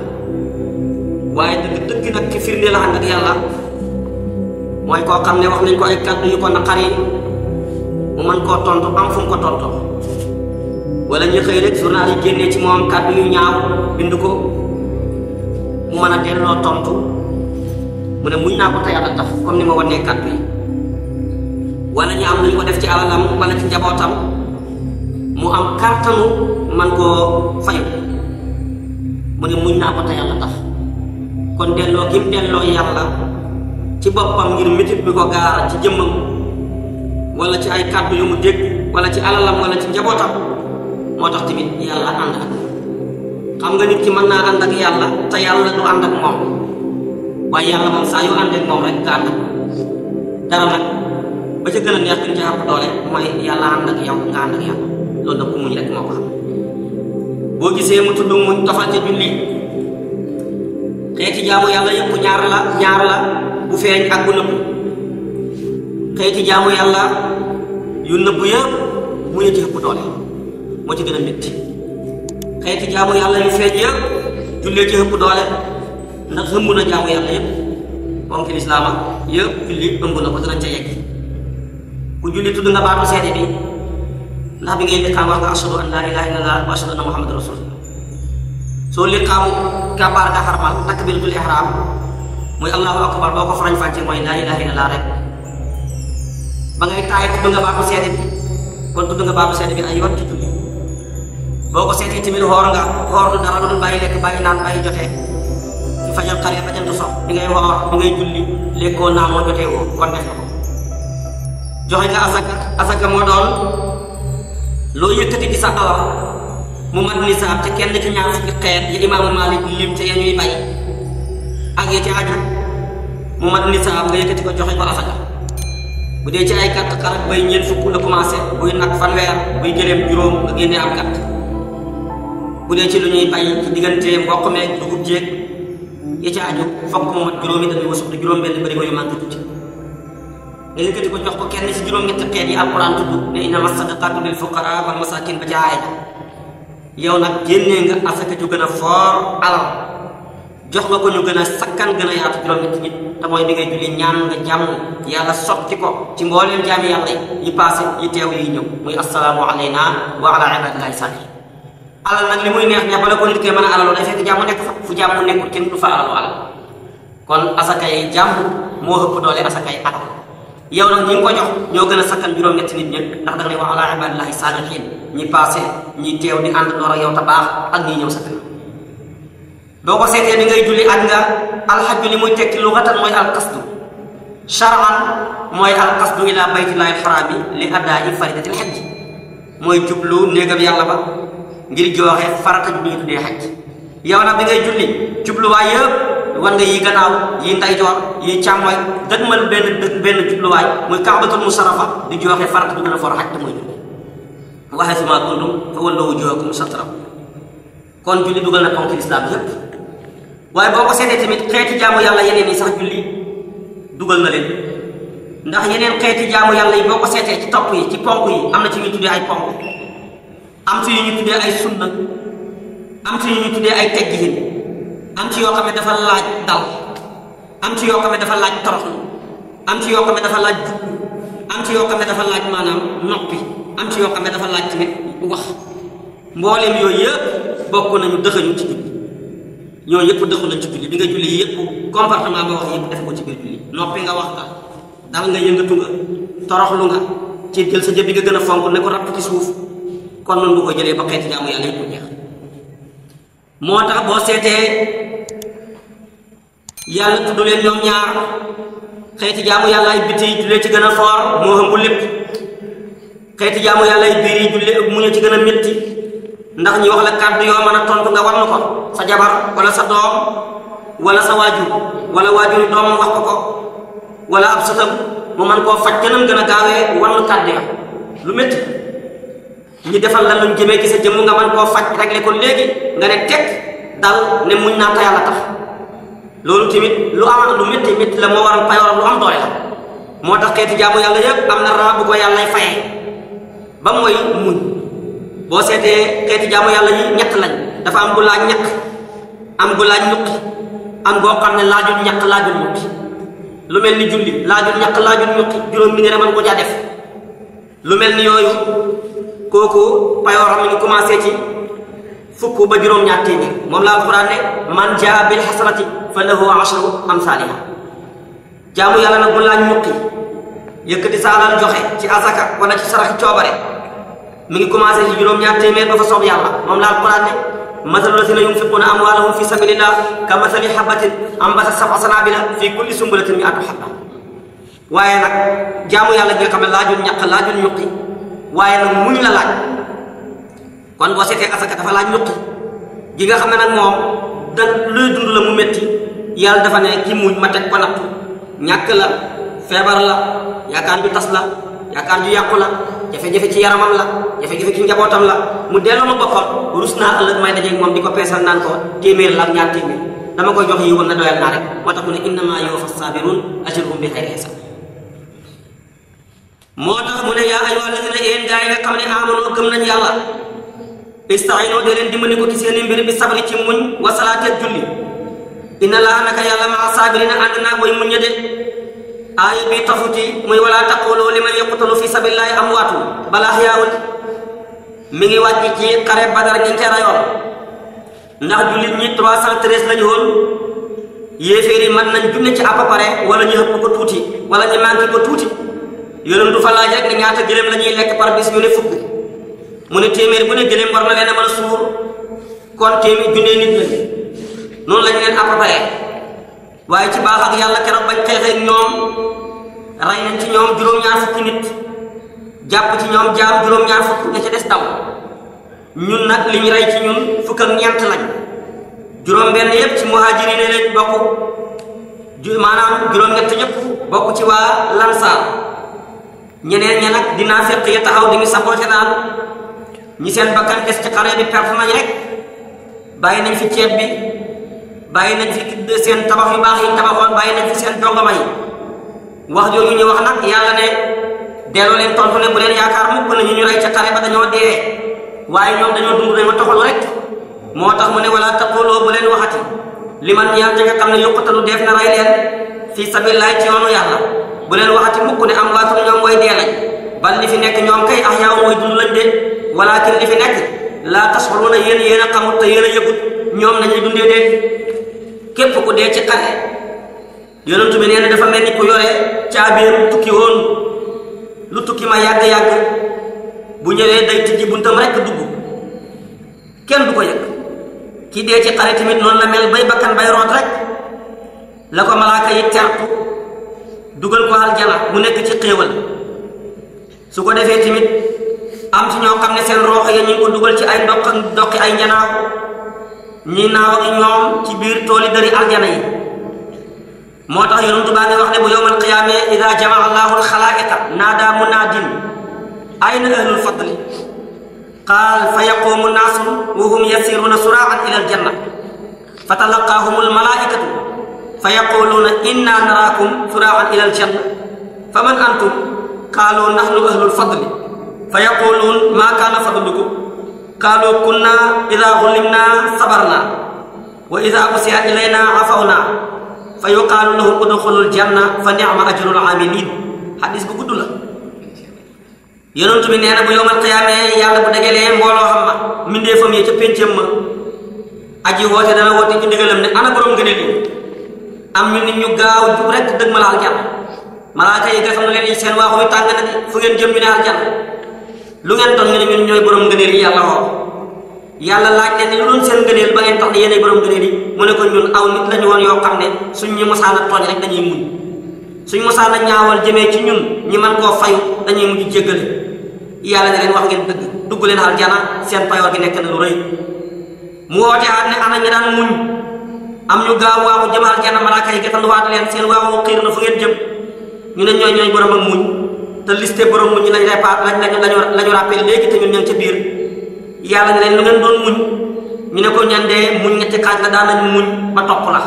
waaye dëgg dëgg nag ci firnde la xant ak yàlla mooy koo xam ne wax nañ ko ay kàddu yu ko naqari mu mën koo tontu am fu mu ko tontu wala ñu xëy rek journal yi génnee ci moom kàddu yu ñaaw bind ko mu mën a delloo tontu mu ne muñ naa ko tey yàlla tax comme ni ma wanee kàddu yi wala ñu am lu ko def ci alalam wala ci jabotam mu am kartanu man ko fayu mu ne muñ na ko tayal yàlla tax kon delo gim delo yalla ci bopam ngir mitit bi ko gar ci jëmmam wala ci ay kaddu yu mu deg wala ci alalam wala ci jabotam motax timit yalla and ak xam nga nit ki man na and ak yalla ta yalla du and ak mom yalla yu ak mom rek dara nak ba ca gën a neex gën ca ëpp doole mooy yàlla ànd ak yow nga ànd ak yow loolu nag ku muñ rek moo ko xam boo gisee mu tudd muñ tofal ca julli xeeti jaamu yàlla yëpp ñaar la bu feeñ jaamu yàlla yu nëbbu yëpp muñ a ci ëpp doole moo ci gën a métti xeeti jaamu yàlla yu feeñ yëpp jullee ci ëpp doole ndax ëmb na jaamu yàlla yëpp moom ki yëpp julli ëmb na ko danañ ca yegg ku julli tudd nga baatu seede bi ndax bi ngay liqaam wax nga an la ilaha illallah wa ashadu anna muhammad rasulullah soo liqaamu kabaar nga xarmal takbiratul ihram muy allahu akbar boo ko farañ fàcce mooy laa ilaha illallah rek ba ngay taay tudd nga baatu seede bi kon tudd nga baatu seede bi ay yoon ci julli boo ko seetee tamit xoor nga xoor du dara lu bàyyi lekk bàyyi naan bàyyi jotee ci fajal xale fajal du sox bi ngay xoor bi ngay julli lekkoo naanoo jotee woo kon def ko joxe nga asaka asaka mo doon lo yëkkati ci sa alal mu mat sa ci kenn ci ñaar ci xeet ya imam malik lim ci ya ñuy bay ak ya ci aju mu mat sa nga yëkkati ko joxe ko asaka bu dee ci ay kàtt ak bay ñeen fukku la commencé nak fan fanweer bu gëleem juroom nga génne am kat bu dee ci lu ñuy bay ci diggante mbokk meeg dugub jeeg ya ci aju fakk mu mat juroomi dañu wasux te juróom benn ko yu mag tuuti nga yëkkati ko jox ko kenn ci juróom ñetti xeet yi alquran tudd ne innama sadaqatu lil fuqara wal masakin ba jaayda yow nag génnee nga asaka ju gën a foor alal jox nga ko ñu gën a sakkan gën a yaatu juróom ñetti nit te mooy bi julli ñaan nga jàmm yàlla sotti ko ci mbooleem jaami yàlla yi passé yi teew yi ñëw muy assalamu alayna wa ala ibadillahi salih alal nak limuy neex neex la ko nit ke man alal lo defé fekk jàmm nekk fa fu jamm nekkul kenn du fa alal kon asakay jamm mo ëpp doole asakay alal yow nak ñing ko jox ñoo gëna a juroom ñet nit ñëpp ndax da nga wax wa ala ibadillahi salihin ñi passé ñi tew di and door ak yow ta baax ak ñi ñew sa tan boo ko seetee ni ngay julli ak nga al hajj li muy tekki lugatan al qasd sharan moy al qasd ila baytillahi haram li adaayi faridati al hajj moy jublu néegam yalla ba ngir joxe farata ju ngi tuddé hajj yow ya nag bi ngay julli jublu wa yeb war nga yi gannaaw yi ndeyjoor yi càmmooy dëgmal benn dëkk benn jubluwaay muy kaabatul musarafa di joxe farat bu gën a for xaj te mooy julli wa haythu maa kuntum fawallu wujuhakum shatrahu kon julli dugal na ponk lislaam yépp waaye boo ko seetee tamit xeeti jaamu yàlla yeneen yi sax julli dugal na leen ndax yeneen xeeti jaamu yàlla yi boo ko seetee ci topp yi ci ponk yi am na ci ñu tuddee ay ponk am ci ñu tuddee ay sunna am ci ñu am ci yo xamne dafa laaj dal am ci yo xamne dafa laaj torox am ci yo xamne dafa laaj am ci yo xamne dafa laaj manam noppi am ci yo xamne dafa laaj tamit wax mboolem yoy yëpp bokku nañu dexeñu ci julli ñoo yëpp dexu la ci julli bi nga julli yëpp comportement ba wax yëpp def ko ci biir julli noppi nga wax ta dal nga yëngatu nga lu nga ci jël sa jëb bi nga gëna fonk ne ko rap ci suuf kon non bu ko jëlé ba xeeti jaamu yàlla yëpp jeex moo tax boo seetee yàlla tudd leen ñoom ñaar xeeti jaamu yàlla ay biti jullee ci gën a foor moo ëmb lépp xeeti jaamu yàlla ay biir yi jullee mu ci gën a métti ndax ñu wax la kàddu yoo mën a tontu nga war na ko sa jabar wala sa doom wala sa waajur wala waajur doomam wax ko ko wala ab sëtam mu mën koo faj kanam gën a gaawee war na kàddu ya lu métti ñu defal la luñ jëmee ci sa jëmm nga man koo faj réglé ko léegi nga ne teg dal ne muñ naa ko yàlla tax loolu tamit lu am lu métti métti la moo waral payoor lu am doole la moo tax xeeti jaamu yàlla yëpp ko yàllay fayee ba mooy muñ boo seetee xeeti jaamu yàlla yi ñett lañ dafa am bu laaj ñàkk am bu laaj ñuqi am boo xam ne laajul ñàkk laajul ñuqi lu mel ni julli laajul ñàkk laajul ñuqi juróom ko jaa def lu mel ni yooyu kooku payooram mi ngi commencé ci fukk ba juróom-ñaar téeméer moom la alquran ne man jaa bil xasanati fa lahu ashru amsaaliha jaamu yàlla nag bu laa ñuqi yëkkati sa alal joxe ci asaka wala ci sarax coobare mi ngi commencé ci juróom-ñaar téeméer ba fa soob yàlla moom la alquran ne masalu lazina yunfiquuna amwaalahum fi sabilillah ka masali xabatin ambatat sab'a sanaabila fi kulli sumbulatin mi'atu xabba waaye nag jaamu yàlla gi nga xam ne waaye nag muñ la laaj kon boo seetee asaka dafa laaj ñuqi gi nga xam ne nag moom da luy dund la mu metti yàlla dafa ne ki muñ ma teg ko nattu ñàkk la feebar la yaakaar ju tas la yaakaar ju yàqu la jafe-jafe ci yaramam la jafe-jafe ci njabootam la mu delloo ma boppam rus naa ëllëg may dajeeg moom di ko peesal naan ko téeméer la ak ñaar téeméer dama koy jox yi woon na doyal naa rek moo tax mu ne innamaa yuwaffa saabirun ajrahum bi xayri hisaab moo tax mu ne yaa ayyuhal lazina yéen gaa yi nga xam ne amanoo gëm nañ yàlla istahinoo da leen dimbali ko ci seen mbir bi sabri ci muñ wa salaatee julli inna laa naka yàlla maa saabirina ànd naa mooy muñ ña de aaya bi tafuti muy wala taqulu liman yaqtulu fi sabilillahi amwaatu bal ahyaa'un mi ngi wàcc ci xare badar ñi ca rayoon ndax jullit ñi 313 lañu woon yéeféer yi mën nañ junne ci à peu près wala ñu ëpp tuuti wala ñu manqué ko tuuti yonentu fa laaj rek ne ñaata gëléem la lekk par bis ñu ne fukk mu ne téeméer bu ne gëléem war na leen a mën a suur kon téeméer junne nit la noonu lañ leen appaparé waaye ci baax yàlla keroog bañ xeexee ñoom rey nañ nit jàpp ci ñoom jaar juróom-ñaar fukk nga des daw ñun nag li ñu rey ci ñun fukk ak ñeent lañ juróom-benn yépp ci muhaajiri ne bokk maanaam juróom-ñett yépp bokk ci waa lansaar ñeneen ña nag dinaa fekk ya taxaw di ñu saboté daal ñi seen bakkan des ci xare bi perte nañ rek bàyyi nañ fi ceeb bi bàyyi nañ fi seen tabax yu baax yi tabaxoon bàyyi nañ fi seen dongama yi wax jooju ñu wax nag yàlla ne delloo leen tontu ne bu leen yaakaar mukk na ñu ñu rey ci xare ba dañoo dee waaye ñoom dañoo dund dañoo taxul rek moo tax mu ne wala taquloo bu leen waxati li man ñaar ja nga xam ne yuqatalu def na rey leen fii sabilillahi ci yàlla bu leen waxati mukk ne am waatun ñoom way dee lañ bal li fi nekk ñoom kay ax yaaw mooy dund lañ de walaakin li fi nekk laa tasxuruuna yéen yéen a xamut te yéen a yëgut ñoom nañuy dundee dee dafa mel ni ku yore caabeeru tukki woon lu tukki ma yàgg-yàgg bu ñëwee day tijji buntam rekk dugg kenn du ko yëg ki dee ci xare tamit noonu la mel bay bakkan bay root rek la ko malaaka tertu dugal ko aljana mu nekk ci xéewal su ko defee tamit am ci ñoo xam ne seen roox ya ñu ko dugal ci ay ndox ndoxi ay njanaaw ñi naaw ak ñoom ci biir tooli dari aljana yi moo tax yonentu baa ngi wax ne bu yowmal qiyaame jamaa allahu alxalaa'iqa naadaa munaadin ayna ahlul fadli qaal fa yaquumu naasu wa hum yasiruuna suraa'an ila aljanna fa talaqaahum almalaaikatu fa yaquluuna inna naraakum suraaxan ilal janna fa man antum qaalu nahnu ahlul fadli fa yaquluun maa kaana fadlukum qaalu kunna idaa xulimnaa sabarnaa wa idaa usiya ilaynaa afawnaa fa yuqaalu lahum udxulul janna fa ni'ma ajrul aamiliin xadis bu gudd la yonent bi nee na bu yowmal qiyaamee yàlla bu dajalee mbooloo xam ma mbindeefam yi ca péncam aji woote dana woote ci ndigalam ne ana borom ngëneel yi am ñu ñu gaaw ci rek deug dëgmal aljanna malaaka yi nga xam ne leen seen waxu tang na de fu ngeen jëm ñu ne aljanna lu ngeen doon ngeen ñun ñoy borom ngëneel yalla ya yàlla yalla laaj ne lu loolu seen ngëneel ba ngeen tax ne yéenay borom ngëneel yi mu ne ko ñun aw nit lañu won yo xamne suñu ñu mosaan na tooñ rek dañuy muñ suñu mosaan na ñaawal jëme ci ñun ñi man ko fay dañuy mujj jéggale yalla ne leen wax ngeen dëgg duggu leen aljanna seen payoor gi nekk na lu reuy mu woote ne ana ñi daan muñ am ñu gaaw waaw jëm aljana malaaka yi gatal waat leen seen waaw xir na fu ngeen jëm ñu ne ñoy ñoy borom ak muñ te liste borom muñ lañ répa lañ lañ lañu lañu rappel léegi te ñun ñu ci biir yalla ne leen lu ngeen doon muñ ñu ne ko ñan de muñ ñetti xaaj la daan nañ muñ ba top la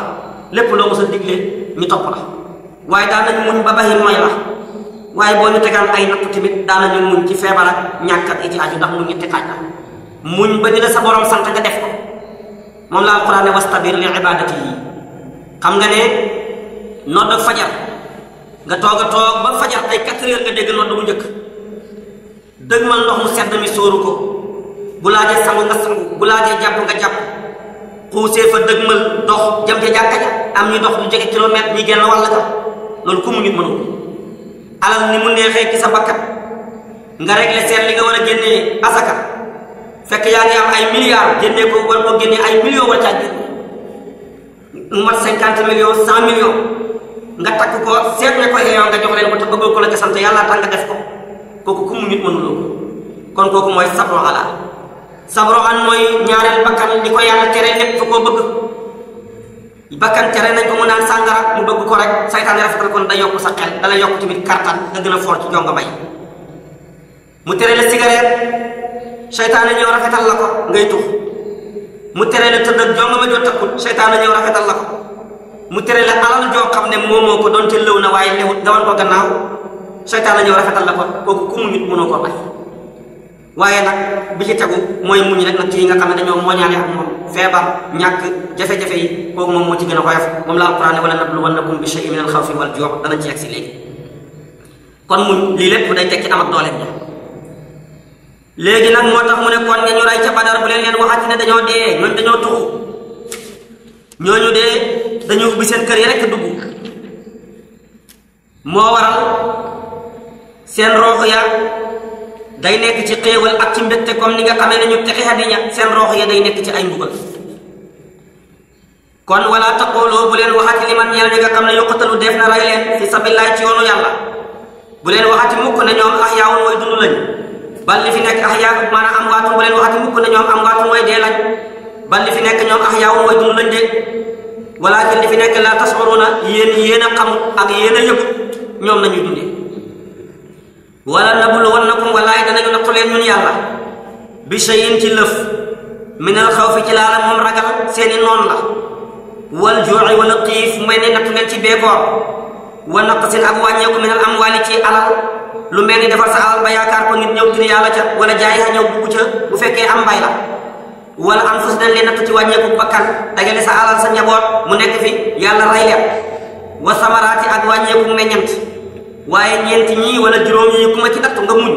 lepp lo mësa diglé ñu top la waye daan nañ muñ ba bayi moy la waye bo ñu tegal ay natt timit daan nañu muñ ci feebar ak ñakkat ci aju ndax muñ ñetti xaaj la muñ ba dina sa borom sant nga def ko moom la alquran ne wastabir li xam nga ne nodd ak fajar toog a toog ba fajar ay quatre heures nga dégg nodd bu njëkk dëgg bu laajee sangu bu laajee jàpp jàpp xuusee fa dëgmal dox jëm ca am ñu dox ñu jege kilomètre ñi genn wàll mu nit mënu alal ni mu neexee nga réglé seen li war a génnee asaka fekk yaa ngi am ay milliards génnee ko war ko génnee ay millions war caa génne mu mat cinquante millions cent millions nga takk ko seet ne ko eeyoo eh, nga jox leen ko te bëggul ko la ko sant yàlla nga def ko kooku ku mu nit mënuloo kon kooku mooy sabro ala sabro an mooy ñaareel bakkan li ko yàlla tere lépp fa koo bëgg bakkan tere nañ ko mu naan sàngara mu bëgg ko rek saytaane rafetal kon da yokk sa xel da la yokk tamit kartan nga gën a fort ci jonga may mu tere la cigarette seytaane ñëw rafetal la ko ngay tux mu tere la tëdd ak jongama joo takkul seytaane ñëw rafetal la ko mu tere la alal joo xam ne moomoo ko doonte lëw na waaye lewut nga wan ko gannaaw seytaane ñëw rafetal la ko kooku ku muñut mënoo ko bay nag bi ci tegu mooy mu rek nag ci yi nga xam ne dañoo mooñaale ak moom feebar ñàkk jafe-jafe yi kooku moom moo ci gën a xoyof moom la alquran ne wala nabluwannakum bi shay'in min al-khawfi wal ju' danañ ci yegg si léegi kon mu lii lépp day tekki am ak dooleem léegi nak motax mu ya. ne kon ngeen ñu ray ci badar bu len len waxat ne dañu dé ñooñu dañu tuxu ñooñu dé dañu ubbi seen kër yi rek duggu mo waral seen roox ya day nekk ci xéewal ak ci mbégte comme ni nga xamé ñu texe hadiya seen roox ya day nekk ci ay mbugal kon wala taqulu bu len waxat liman ñeel nga xam ne yuqatalu def na ray len fi sabilillah ci yoonu yalla bu len waxat mukk na ñoom ahyaawun way dundu lañu bal li fi nekk ahyaa'un maanaam amwaatun bu leen waxati mukk ne ñoom amwaatun mooy dee lañ bal fi nekk ñoom ahyaa'un mooy dund lañ de walaakin li fi nekk laa tas'uruuna a xam ak yéen a yëg ñoom nañuy bi shay'in ci lëf minal xawfi ci la wal juu'i wala xiif may ne nattu leen ci beekoor wa naqsin ak wàññeeku minal amwaali ci alal lu melni defal sa alal ba yaakaar ko nit ñew dina yalla ca wala jaay ha ñew dugg ca bu fekke am bay la wala am fus dal leen natt ci wàññeeku bakkan dajale sa alal sa ñabot mu nekk fi yalla ray leen wa samaraati ak ko meññant waye ñent ñi wala juroom ñi ku ma ci natt nga muñ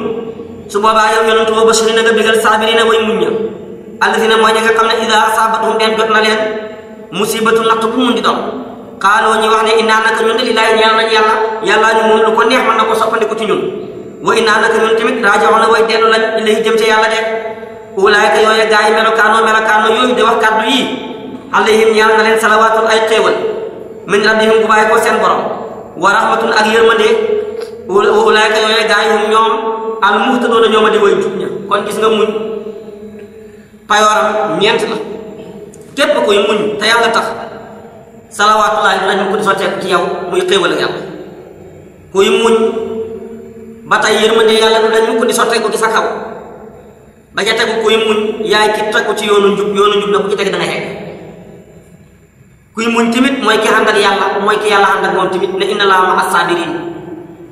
su baba yow yoonu to ba na nga bigal sabirina way muñ ñal alladheena mooy ñinga nga xam ne ida asabatuhum na leen musibatu natt bu mun di do qalo ñi wax ne inna naka ñun de lillaahi ñeel ñu moom lu ko neex nako na ko ci ñun wa innaa naka ñun tamit raaji'uuna way dellu lañ ilayhi jëm ca yàlla de ulaayka yooye gaa yi melokaanoo melokaanoo yooyu di wax kàddu yii alayhim ñeel na leen salawaatun ay xéewal min rabbihim gu bàyyi ko seen borom wa ak yërmande wa ulaayka yooye gaa yi ñoom al muhtadoona ñoom a di way gis nga muñ payooram ñeent la képp kuy muñ te yàlla tax salawaatullaahi dinañ ko di sottee ci yow muy xéewal yàlla kuy muñ ba tey yërmande yàlla du dañ mukk di sotteeku ci sa kaw ba ca kuy muñ yaay ki ci yoonu njub yoonu njub la ku ci teg da nga kuy muñ tamit mooy ki ànd ak yàlla mooy ki yàlla ànd ne inna laa ma as-saabiriin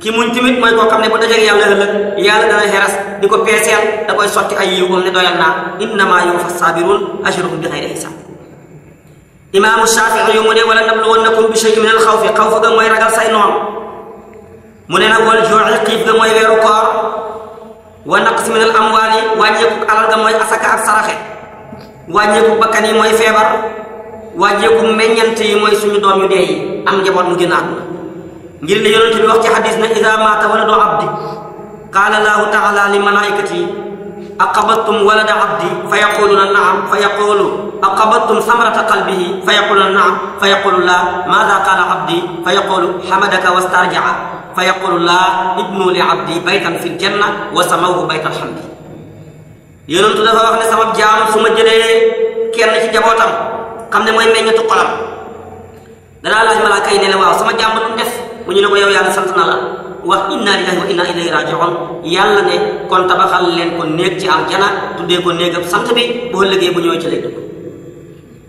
ki muñ tamit mooy koo xam ne bu dajeg yàlla ëllëg yàlla dana xeras di ko peeseel da koy sotti ay yiw am ne doyal naa innamaa yuwaffa as-saabiruun ajrahum bi xayri hisaab imaamu Shaafi'i yu mu ne wala nabluwannakum bi shay'in min al-xawfi xawf ga mooy ragal say noon mu ne nag wal jooxi xiif ga mooy weeru koor wa naqs min al amwaali wàññeeku alal ga mooy asaka ak saraxe wàññeeku bakkan yi mooy feebar wàññeeku meññant yi mooy suñu doom yu dee yi am njaboot mu gën a àdduna ngir li yonent bi wax ci xadis ne ida maata waladu abdi qaala laahu taala li malaikati aqabattum walada abdi fa yaquluna naam fa yaqulu aqabattum samrata qalbihi fa yaquluna naam fa yaqulu laa maada qaala abdi fa yaqulu xamadaka wastarjaa fa yaqulullah ibnu li abdi baytan fi ljanna wa samawhu baytal hamdi yonentu dafa wax ne sama jaam su ma jëlee kenn ci jabootam xam ne mooy meññatu xolam danaa laaj malaaka yi ne la waaw sama jaam ba nu def mu ñu ne ko yow yàlla sant na la wax inna lillahi wa inna ilayhi raji'un yàlla ne kon tabaxal leen ko néeg ci aljana tuddee sant bi boo liggéey bu ñëwee ci lay dugg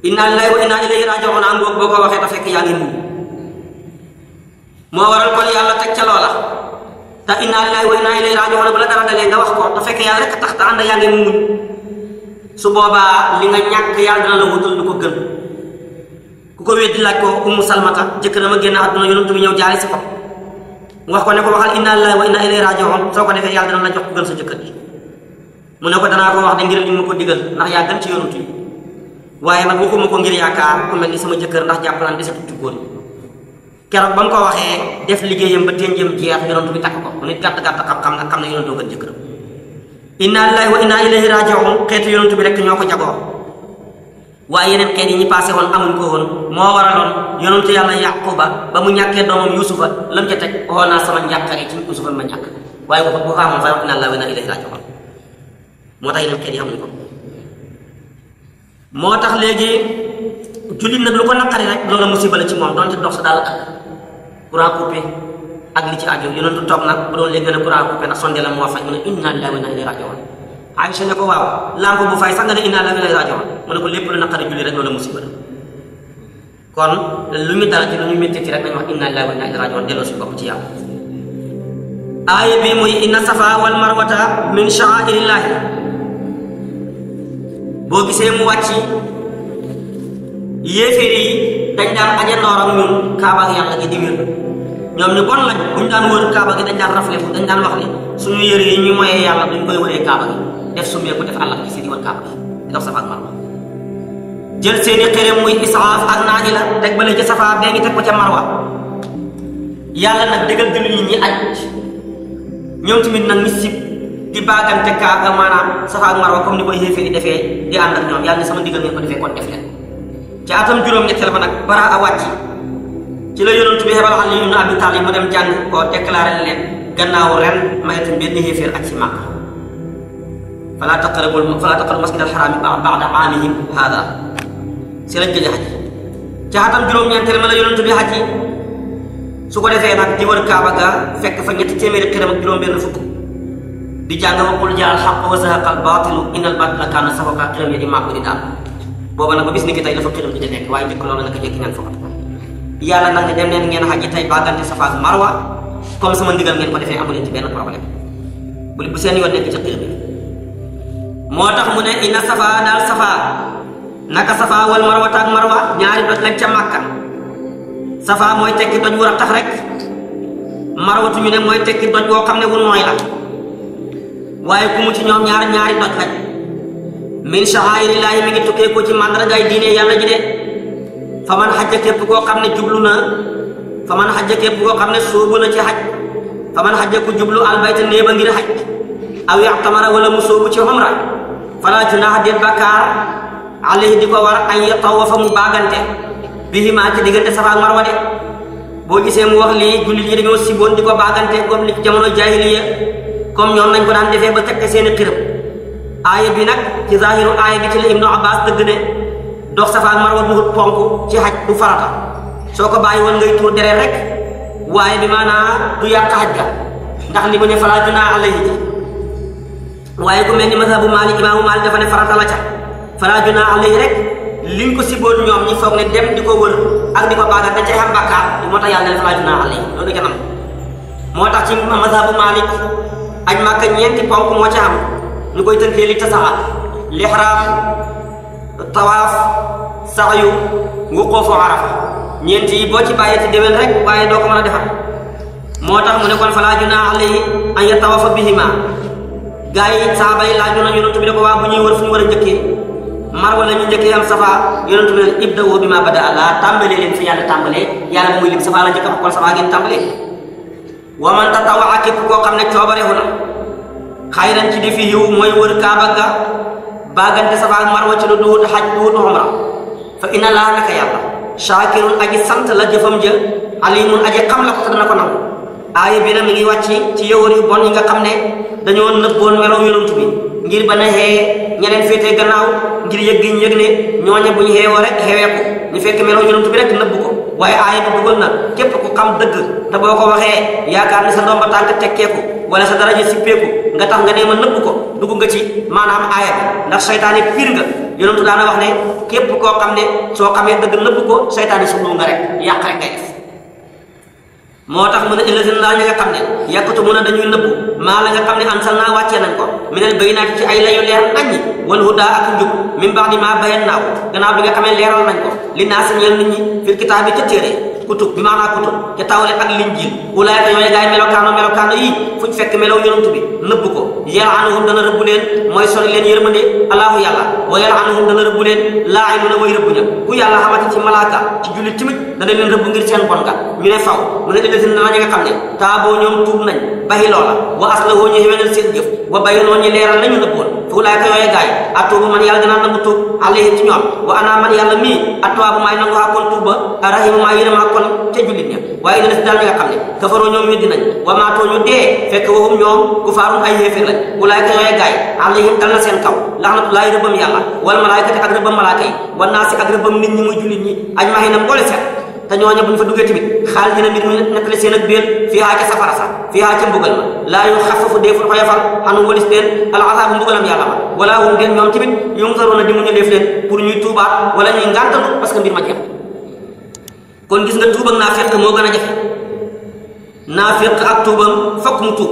inna lillahi wa inna ilayhi waxee ta fekk yaa ngi moo waral kon yàlla teg ca loola te inna lillahi wa inna ilayhi raji'un bu la dara dalee nga wax ko te fekk yàlla rek a tax te ànd yaa ngi muñ su boobaa li nga ñàkk yàlla dina la wutal lu ko gën ku ko weddi laaj ko ummu salmata jëkkëram a génn àdduna yonent bi ñëw jaari si ko wax ko ne ko waxal inna lillahi wa inna ilayhi raji'un soo ko defee yàlla dina la jox ku gën sa jëkkër ji mu ne ko danaa ko wax de ngir li ma ko digal ndax yaa gën ci yonent yi waaye nag waxuma ko ngir yaakaar ku kérok bam ko waxé def ligéyam ba ténjëm jeex yonantu bi tak ko ku nit gatt gatt xam-xam nag xam ne yonantu gën jëkkëram inna lillahi wa inna ilayhi raji'un xeetu yonantu bi rek ñoko jago wa yenen iya xéet yi ñi passé won amuñ ko woon moo waraloon yonantu yalla yaquba ba mu ñaké domam yusufa lam ca teg oo sama ñakari ci yusufa ma waye waaye bu ko fa inna lillahi wa inna ilayhi raji'un moo tax yeneen yi amuñ ko moo tax léegi jullit lu ko nakari rek eh? loolu musiba la ci don ci dox dal ak courant a ak li ci aju yonentu toog nag bu doon léegi na courant coupé ndax sonde la mu ne ko waaw làmp bu fay sax nga ne inna lillahi wa inna ilayhi raji'un mu ne ko lépp lu naqari julli rek loolu musiba la kon lu ñu dara ci lu ñu métti si bopp ci yàlla aaya bi muy inna safa wal marwata min sha'a'irillahi boo gisee mu wàcc yéeféer yi dañ daan ajandoo ak ñun kaaba yàlla gi di wér ñoom ñu bon lañ buñ daan wër kaaba gi dañ daan rafle dañ daan wax ne suñu yëre yi ñu moyee yàlla duñ koy wëree kaaba gi def sumee ko def allah ci di wër kaaba gi dox safa ak marwa jël seeni xërëm muy isaaf ak naaji la teg bale ci safa bee ngi teg ko ca marwa yàlla nag dëggal jullit ñi ñi aj ñoom tamit nag ñu sib di baagante kaaba maanaam safa ak marwa comme ni ko yéeféer yi di ànd ak ñoom yàlla sama ndigal ngeen ko defee kon def leen ca atam juróom-ñetteel ba nag baraa a wàcc ci la yonent bi xebal Ali ibn Abi Talib mu dem jàng koo déclaré leen gannaaw ren mayetum benn xéeféer ak ci màq falaa taqrabul falaa taqrabul masjid al xaraam baada aamihim haada si lañ gëj a xaj ca atam juróom-ñeenteel ma la yonent bi xaj su ko defee nag di wër kaaba ga fekk fa ñetti téeméeri xiram ak juróom-benn fukk di jàng wa qul jaa al xaq wa zahaqa inna al baatila booba na ba bis ni ki tey dafa xiral ñu jëkk waaye jëkk loolu la ko jëkk ñaan foofu yàlla nag ne dem haji tay bagan tey bàggante marwa kom sama ndigal ngeen ko defee amu leen ci benn problème bu bu seen yoon nekk ci xiral bi moo mu ne ina safa dal safa naka safa wal marwa taag marwa ñaari doj lañ ca màkka safa moy tekki doj war a tax rek marwa tu ñu ne moy tekki doj woo xam ne wu noy la waye ku mu ci ñom ñaar ñaari doj lañ min shahairillaahi mi ngi tukkee ko ci màndargaay diine yàlla ji de fa man xajja képp koo xam ne jublu na fa man xajja képp koo xam ne sóobu na ci xaj fa man xajja ku jublu albayta néeba ngir xaj aw yaxtamara wala mu sóobu ci xomra fala junaaha déet bakkaar alayhi di ko war taw yatawafa mu baagante bihimaa ci diggante safa ak marwa de boo gisee mu wax lii jullit yi dañoo siboon di ko baagante comme li jamono jaahiliya comme ñoom nañ ko daan defee ba takk seeni xërëm aaya bi nag ci zahiru aaya bi ci la ibnu abbas dëgg ne dox safa ak marwa duhut ponk ci xaj du farata soo ko bàyyi woon ngay tuur deret rek waaye bi maanaa du yàq xaj ga ndax li mu ne falaa junaaha alayhi ji waaye ni ko siboon ñoom ñi foog ne dem di ko wër ak di ko baagal dañ cay xam bàkkaar moo tax yàlla ne falaa junaaha alayhi loolu kanam moo tax ci mazhabu maalik aj màkka ñeenti ponk moo ca am لقيتن في لتسعة tawaf الطواف سعي وقوف عرفة ñenti bo ci baye ci demen rek waye do ko mëna defal motax mu ne kon fala juna alayhi an yatawafa bihima gaay sahaba yi laaju nañu yonentu bi ko wa bu ñuy wër fu wara jëkke mar wala ñu jëkke am safa yonentu bi ibda wo bima bada ala tambale leen fi yalla tambale yalla moy lim safa la jëkke ko safa ngeen tambale wa man tatawa akip ko xamne ciobare hono xayran ci di fi yiw mooy wër kaaba ga baagante safa ak marwa ci lu duwut xaj duwut umra fa inna laa naka yàlla shaakirun aji sant la jëfam jë alimun aji xam la ko te ko nangu aaya bi na mi ngi wàcc ci yowar yu bon yi nga xam ne dañoo nëbboon melow yonent bi ngir ba na xee ñeneen féetee gannaaw ngir yëg ñu yëg ne ñooñe bu ñu xeewoo rek xewee ko ñu fekk melow yonent bi rek nëbb ko waaye aaya bi dugal na képp ku xam dëgg te boo ko waxee yaakaar ne sa ndomba wala sa daraja sippeeku nga tax nga ne ma nëbb ko dugg nga ci maanaam aaya ndax seytaane piir nga yonentu daana wax ne képp koo xam ne soo xamee dëgg nëbb ko seytaane suduu nga rek yàq rek moo tax mu ne illazina naa ñi nga xam ne yàkkatu mun a dañuy nëbbu maa la nga xam ne am sal naa wàccee nañ ko mi neen bay naati ci ay layu leer naññi wal hudaa ak njub min baax di maa bayan naa ko gannaaw bi nga xam leeral nañ ko li naa si ñeel nit ñi fil kitaab bi ca téere kutub bi maanaa kutub te tawreet ak linjiil ulaayka yooyu gaay melokaano melokaano yi fekk melow yonantu bi nëbb ko yel anuhum dana rëbbu leen mooy sori leen yërmande a way rëbb ña ku lazina na ñi nga xam ne taaboo ñoom tuub nañ baxi loola wa aslahoo ñu xewenal seen jëf wa bayyinoo ñu leeral lañu nëbboon fa ulaay ka yooye gaay atuubu man yàlla dinaa nangu tuub alayhi ci ñoom wa ana man yàlla mii atwaabu maay nangu xaa kon tuuba rahimu maa yërëm kon ca jullit ña waaye dina si daal ñi nga xam ne kafaroo ñoom weddi nañ wa ka yooye gaay alayhim dal na seen kaw laxnatullaahi rëbbam yàlla wal malaayikati ak rëbbam malaaka yi wa naasi ak nit ñi muy jullit ñi aj maxi na mboole set te ñooñu buñ fa duggé timit xal dina mi nak la seen ak bel fi haaja safara sa fi haaja mbugal ma la yu khaffafu defu ko yafal anu walis den al azab mbugalam yalla ma wala hum ngeen ñom timit yum saroona di mu ñu def len pour ñuy tuubaat wala ñuy ngantal parce que mbir ma jeex kon gis nga tuubag naa fekk mo gëna jeex jafe naa ak tuubam fokk mu tuub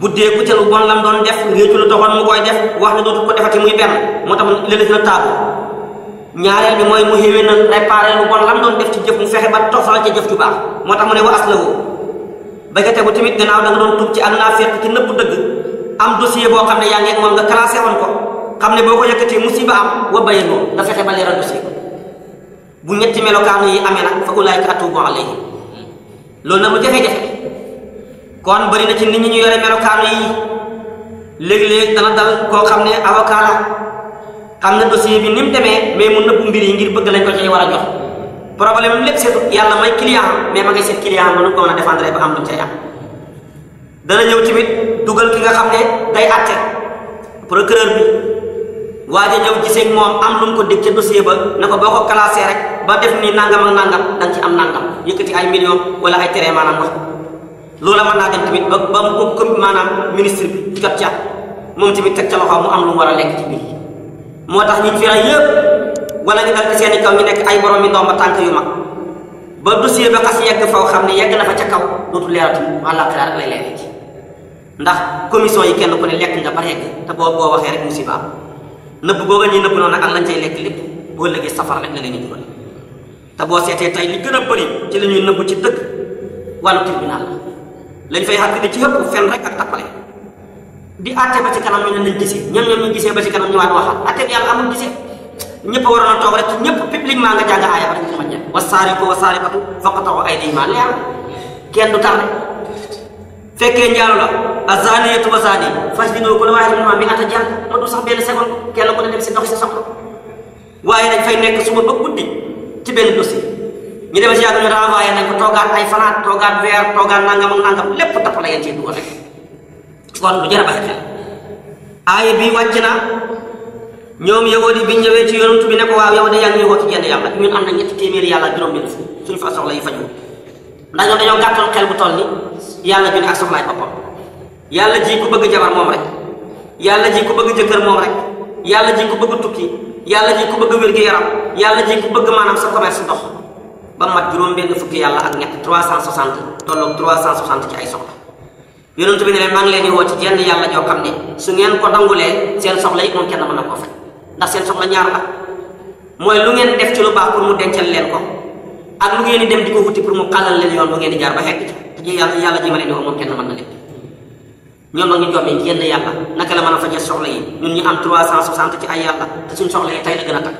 ku ci lu bon lam doon def réecu lu taxoon mu koy def wax na dootu ko defati muy ben motam tax na ñaareel bi mooy mu héwénal réparé lu bon lam doon def ci jëf mu fexe ba tofal ca jëf ju baax moo tax mu ne wa aslahu ba ca tegu tamit gannaaw da nga doon tuub ci ak naa fekk ci nëpp dëgg am dossier boo xam ne yaa ngeeg moom nga classé woon ko xam ne boo ko yëkkatee musiba am wa bayee noonu nga fexe ba leeral dossier bu ñetti melokaanu yi amee nag fa ulaayka atuubu alayhim loolu nag lu jafe-jafe kon bëri na ci nit ñi ñu yore melokaanu yi léeg-léeg dana dal koo xam nga dossier bi nim demee mais mu na bu yi ngir bëgg lañ ko ci wara jox problème lepp seetu yalla may client mais ma nga seet client ma ko wona défendre ba am lu ci am dana ñëw dugal ki nga xamné day atté procureur bi waaja ñëw gisee mom am lu ko dégg ci dossier ba nako boko classer rek ba def ni nangam ak nangam ci am nangam yëkëti ay million wala ay terrain manam wax loola mën na dem tamit ba ba mu ko manam ministre bi jot ca moom tamit tek ci loxo mu am lu wara lek ci moo tax ñu fi rey yëpp wala ñu dal ci seen i kaw ñu nekk ay borom yi ndomba tànk yu mag ba dossier ba xas yegg faw xam ne yegg na fa ca kaw dootu leeratu àllaaxira rek lay leeree ndax commission yi kenn ku ne lekk nga ba yegg te boo boo waxee rek musiba am nëbb googa ñuy nëbb noonu ak lañ cay lekk lépp boo lëggee safar rek la leen di dugal te boo seetee tey li gën a bëri ci li ñuy nëbb ci dëkk walla tribunal la lañ fay xàq ci yëpp fen rek ak di atté ba ci kanam ñu lañ gisé ñam ñam ñu gisé ba ci kanam ñu waat waxal atté yalla amu gisé ñepp wara na tok rek ñepp public ma nga jang aya rek xamne wasariqu wasariqatu faqatu ma leer kenn du tar fekke ñaalu la azaniyatu wasani fasdinu kul wahid min bi ata jang ma du sax ben seconde kenn ko dem ci dox ci sax waye dañ fay nek suma ba guddi ci ben dossier ñu dem ci yag ñu renvoyer nañ ko togaat ay fanaat togaat ver togaat nangam ak nangam lepp tap ci dugal rek kon lu jar a bàyyi xel aaya bi wàcc na ñoom yahudi bi ñëwee ci yonent bi ne ko waaw yow de yaa ngi woo ci genn yàlla ñun am na ñetti téeméeri yàlla ak fa soxla yi faju ndax ñoom dañoo gàttal yàlla ju ne ak soxlaay boppam yàlla ji ku bëgg jabar moom rek yàlla ji ku bëgg jëkkër moom rek yàlla ji ku bëgg tukki yàlla ji ku bëgg wér yaram yàlla ji ku bëgg maanaam sa commerce dox ba mat juróom-benn fukki yàlla ak ñett 360 tolloog 360 ci ay soxla yonent bi ne leen ngi leen di woo ci jenn yalla joo xam su ngeen ko dangulé seen soxla yi ko kenn mën ko fa ndax seen soxla ñaar la moy lu ngeen def ci lu baax pour mu dencal leen ko ak lu ngeen di dem diko wuti pour mu xalal leen yoon bu ngeen di jaar ba hekk ci te yalla yàlla ji ma leen di woo moom kenn mën leen ñoom nag ngi jommee jenn yalla naka la mëna fa fajee soxla yi ñun ñi am 360 ci ay yalla te suñ soxla yi tay la gëna tak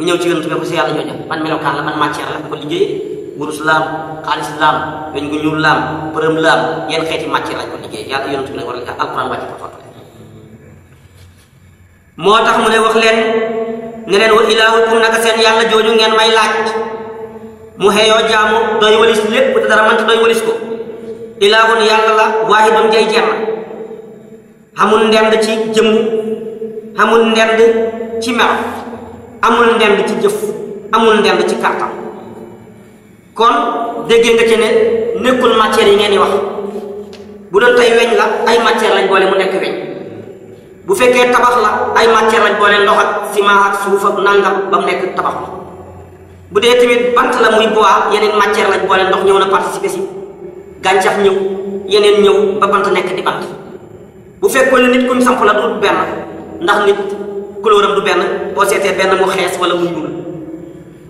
ñu ci yonent bi ko ci yalla ñoo man melokaan la man ci yalla ko liggéey wurus lam, kalis lam, weñ gu ñuul lam përëm laam yenn xeeti matière lañ ko liggéey yàlla yonent ya, bi ne war a alquran wàcc ko tontu moo tax mu ne wax leen ne leen wa ilaahukum naka seen yàlla jamu doy may laaj mu xeeyoo jaamu doy walis lépp te dara mënta doy walis ko ilaahun yàlla la waahidun jay jenn amul ndem ci jëmm amul ndem ci mel amul ndem ci jëf amul ndend ci kon dégg nga ci ne nekkul matière yi ngeen di wax bu doon tey weñ la ay matière lañ boole mu nekk weñ bu fekkee tabax la ay matière lañ boole ndox ak ciment ak suuf ak nangam ba mu nekk tabax bi bu dee tamit bant la muy bois yeneen matière lañ boole ndox ñëw na participer si gàncax ñëw yeneen ñëw ba bant nekk di bant bu fekkoon ne nit kuñ samp la du benn ndax nit couleuram du benn boo seetee benn mu xees wala mu ñuul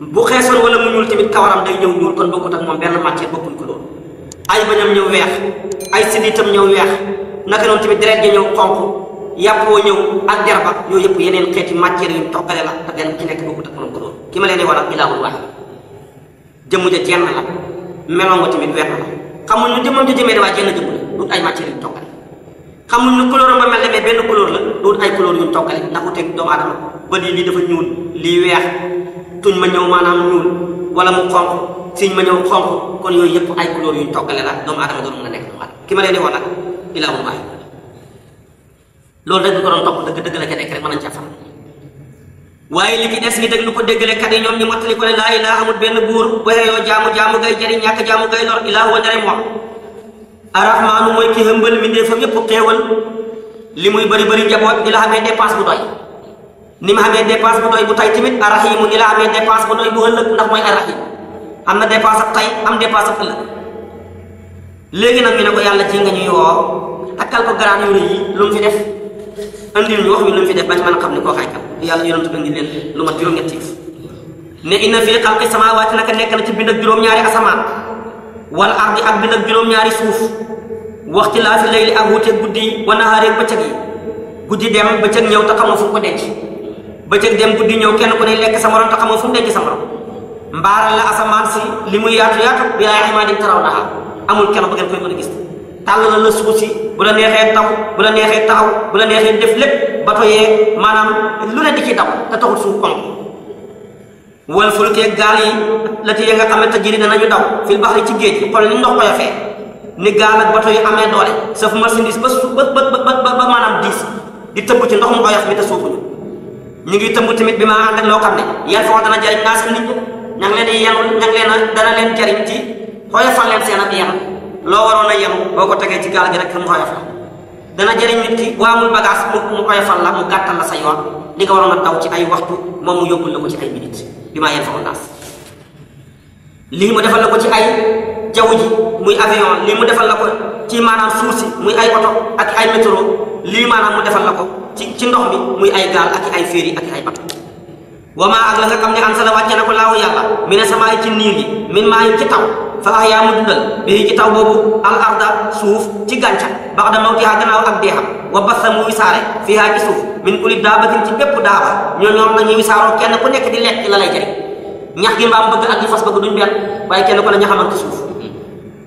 bu xeesoon wala mu ñuul tamit kawaram day ñëw ñuul kon bokkut ak moom benn matière bokkuñ ko loolu ay bañam ñëw weex ay siddiitam ñëw weex naka noonu tamit deret ja ñëw xonq yàpp woo ñëw ak derba yooyu benn ci nekk bokkut ak moom ko loolu ki ma leen di waral ilaahul waahid jëmm ja jenn la meloon na la xamuñ ne jëmmam ja jëmee dawaa jenn jëmm la du ay matière yu toqale xamuñ ne couleur ba mel ne benn couleur la du ay couleur yu toqale ndax uteeg doomu aadama ba lii lii dafa ñuul lii weex tuñ ma ñëw manam ñuul wala mu xonq siñ ma ñëw xonq kon yoy yëpp ay couleur yuñ toggale la doom adam doon mën a nekk doomu aadama ki ma leen di wax nag ilaahu maay rek ko doon topp deug deug la ca nekk rek mën ca fam waye li ci dess ni déglu ko déggale kat yi ñoom ñu matali ko la ilaha ilaa amul benn buur waxee yoo jaamu jaamu gay jari ñak jaamu gay lor ilaa wa dara mo arahmaanu moy ki hëmbal mbindeefam yëpp xéewal li muy bari bari jabo ilaha la dépasse bu doy nim xamee dépasse bu doy bu tay timit arahimu ni la amee dépense bu doy bu ëlëk ndax moy arahim am na dépense ab tay am dépasse ak ëlëk légui nak ñu ne ko yàlla ci nga ñuy woo takkal ko garaat yu rëy lu mu fi def andil ñu wax yu lu mu fi def bañ man xamni ko ne koo xaykal yàlla yonent bi leen lu ma juroom ñetti ne inna fi xalqi samawati nak nekk na ci bind ak juróom-ñaari asaman wal ardi ak bind ak juróom-ñaari suuf waxti la fi layli ak wute guddii wa nahaari bëccëg yi guddii dem bëccëg ñew ta xamu fu ko denc bëccëg dem guddi ñëw kenn ku ne lekk sa morom te xamoo fu mu denc sa morom mbaaral la asamaan si li muy yaatu yaatu bi laa xamaa dim taraw naxa amul kenn bu ngeen koy mën a gis tàll la la si bu la neexee taw bu la neexee taxaw bu la neexee def lépp bato maanaam lu ne di ci daw te taxul suuf konk wal fulkee gaal yi la ti nga xam ne tajiri danañu daw fil ci géej gi xool ni ndox koy fee ni gaal ak bato yi ba su ba ba ba maanaam diis di tëbb ci ndox mu oyof bi te suufuñu ñu ngi tëmb tamit bi ma ànd loo xam ne yan foo dana jariñ naas nit ñi ña ngi leen di yenu ña ngi leen dana leen jariñ ci xoyofal leen seen ak yenu loo waroon a yenu boo ko tegee ci gaal gi rek mu xoyof la dana jariñ nit ki bu amul bagage mu mu xoyofal la mu gàttal la sa yoon li nga waroon a daw ci ay waxtu moom mu yóbbul la ko ci ay minutes bi ma yan foo naas lii mu defal la ko ci ay jaww ji muy avion lii mu defal la ko ci maanaam suuf si muy ay oto ak ay métro lii maanaam mu defal la ko ci ci ndox mi muy ay gaal ak ay féeri ak ay bat wama ak la nga xam ne an sala wàcce na ko laahu yàlla mi ne samaayi ci niir yi min maayin ci taw fa ahyaa mu dundal bii ci taw boobu al arda suuf ci gàncax ba'da mawtihaa gannaaw ak deexam wa bassa mu wisaare fiihaa ci suuf min kulli daabatin ci bépp daaba ñoo ñoom nag kenn ku nekk di lekk la lay jëriñ ñax gi mbaam bëgg ak yi fas bëgg duñ benn waaye kenn ku ne ñaxamal ci suuf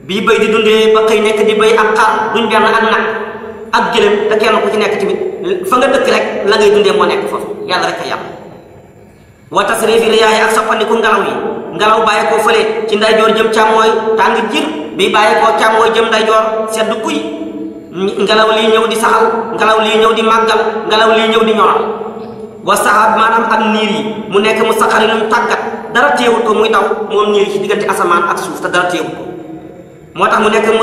bii bay ak gëléem te kenn ku ci nekk tamit fa nga dëkk rek la ngay dundee moo nekk foofu yàlla rek a yàlla wa tasrifi riyaahi ak soppandiku ngelaw yi ngelaw bàyyi koo fële ci ndeyjoor jëm càmmooy tàng jir bi bàyyi koo càmmooy jëm ndeyjoor sedd kuy ngelaw lii ñëw di saxal ngelaw lii ñëw di màggal ngelaw lii ñëw di ñoral wa saxaab maanaam ak niir yi mu nekk mu saxari lu mu tàggat dara téewut ko muy daw moom niir yi ci diggante asamaan ak suuf te dara téewut motax mu nek mu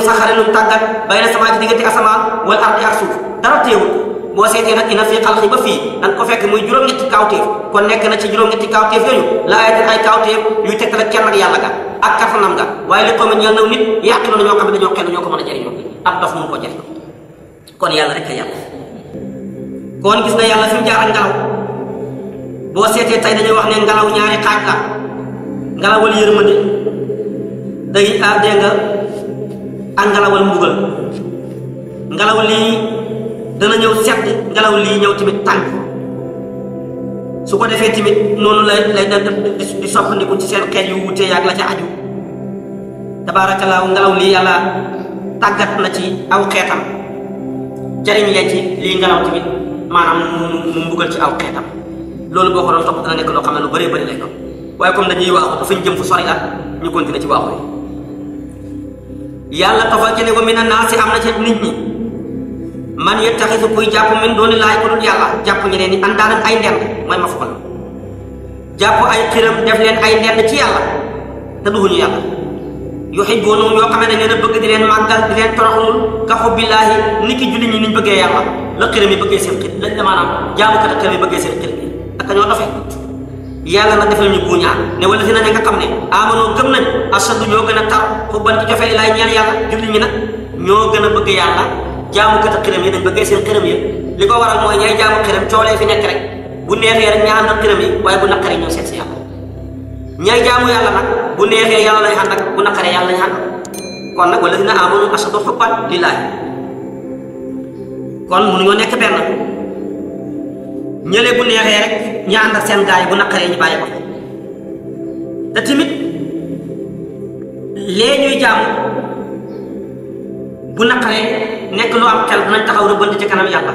tagat bayna tàggat sama ci diggante asamaan wal ardi ak suuf dara teewul bo sété nak ina fi xalxi ba fi nan ko fekk muy juróom-ñetti kaawteef kon nek na ci juróom-ñetti kaawteef yoyu la ayatin ay kaawteef yu tek la kenn ak yalla ga ak kattanam ga waaye li ko mën ñeel naw nit yàq na ñoo xam ne dañoo xel ñoo ko mën a jëriñoo ab dof mu ko jëf kon yalla rek a yàlla kon gis na yalla fi jaar ak ngelaw bo sété tay dañuy wax ne ngelaw ñaari xaaj la wal yërmande day a ah, de nga ak ngelawal mbugal ngelaw lii dana ñëw sedd ngelaw lii ñëw tamit tàng su ko defee tamit noonu lay lay da di soppandiku ci seen xeet yu wutee yaag la ca aju tabaarakallaahu ngelaw lii yàlla tàggat na ci aw xeetam jariñ leen ci lii ngelaw tamit maanaam mu mbugal ci aw xeetam loolu boo ko doon topp dana nekk loo xam ne lu bëree bëri lay doon waaye comme dañuy waaxu dafa ñu jëm fu sori la ñu continuer ci waaxu yàlla tofal ci ne wa mina naasi am na ca nit ñi man yettaxisu kuy jàpp min dooni laay ko dul yàlla jàpp ñeneen ñi àndaanak ay ndend mooy mafkol jàpp ay xiram def leen ay ndend ci yàlla te duhuñu yàlla yuhibbuunahum yoo xam ne dañ leen a bëgg di leen màggal di leen toroxlul ka xubbillaahi ni ki julli ñi niñ bëggee yàlla la xiram yi bëggee seen xir la maanaam jaamukat ak xiram yi bëggee seen xir ak ñoo dofee yàlla na defal ñu guuñaan ne wala dina ne nga xam ne amanoo gëm nañ asadu ñoo gën a tar xubban ci cofee laay ñeel yàlla julli ñi nag ñoo gën a bëgg yàlla jaamu kat a xërëm yi dañ bëggee seen xërëm yi li ko waral mooy ñay jaamu xërëm coolee fi nekk rek bu neexee rek ñaan na xërëm yi waaye bu naqaree ñoo seet si yàlla ñay jaamu yàlla nag bu neexee yàlla lay ànd ak bu naqaree yàlla lay ànd kon nag wala dina amanoo asadu xubban lillaahi kon mënuñoo nekk benn ñële bu neexee rek ñu ànd ak seen gaay bu naqaree ñu bàyyi ko te tamit lee ñuy jaamu bu naqaree nekk lu am xel danañ taxaw rëbbante ci kanam yàlla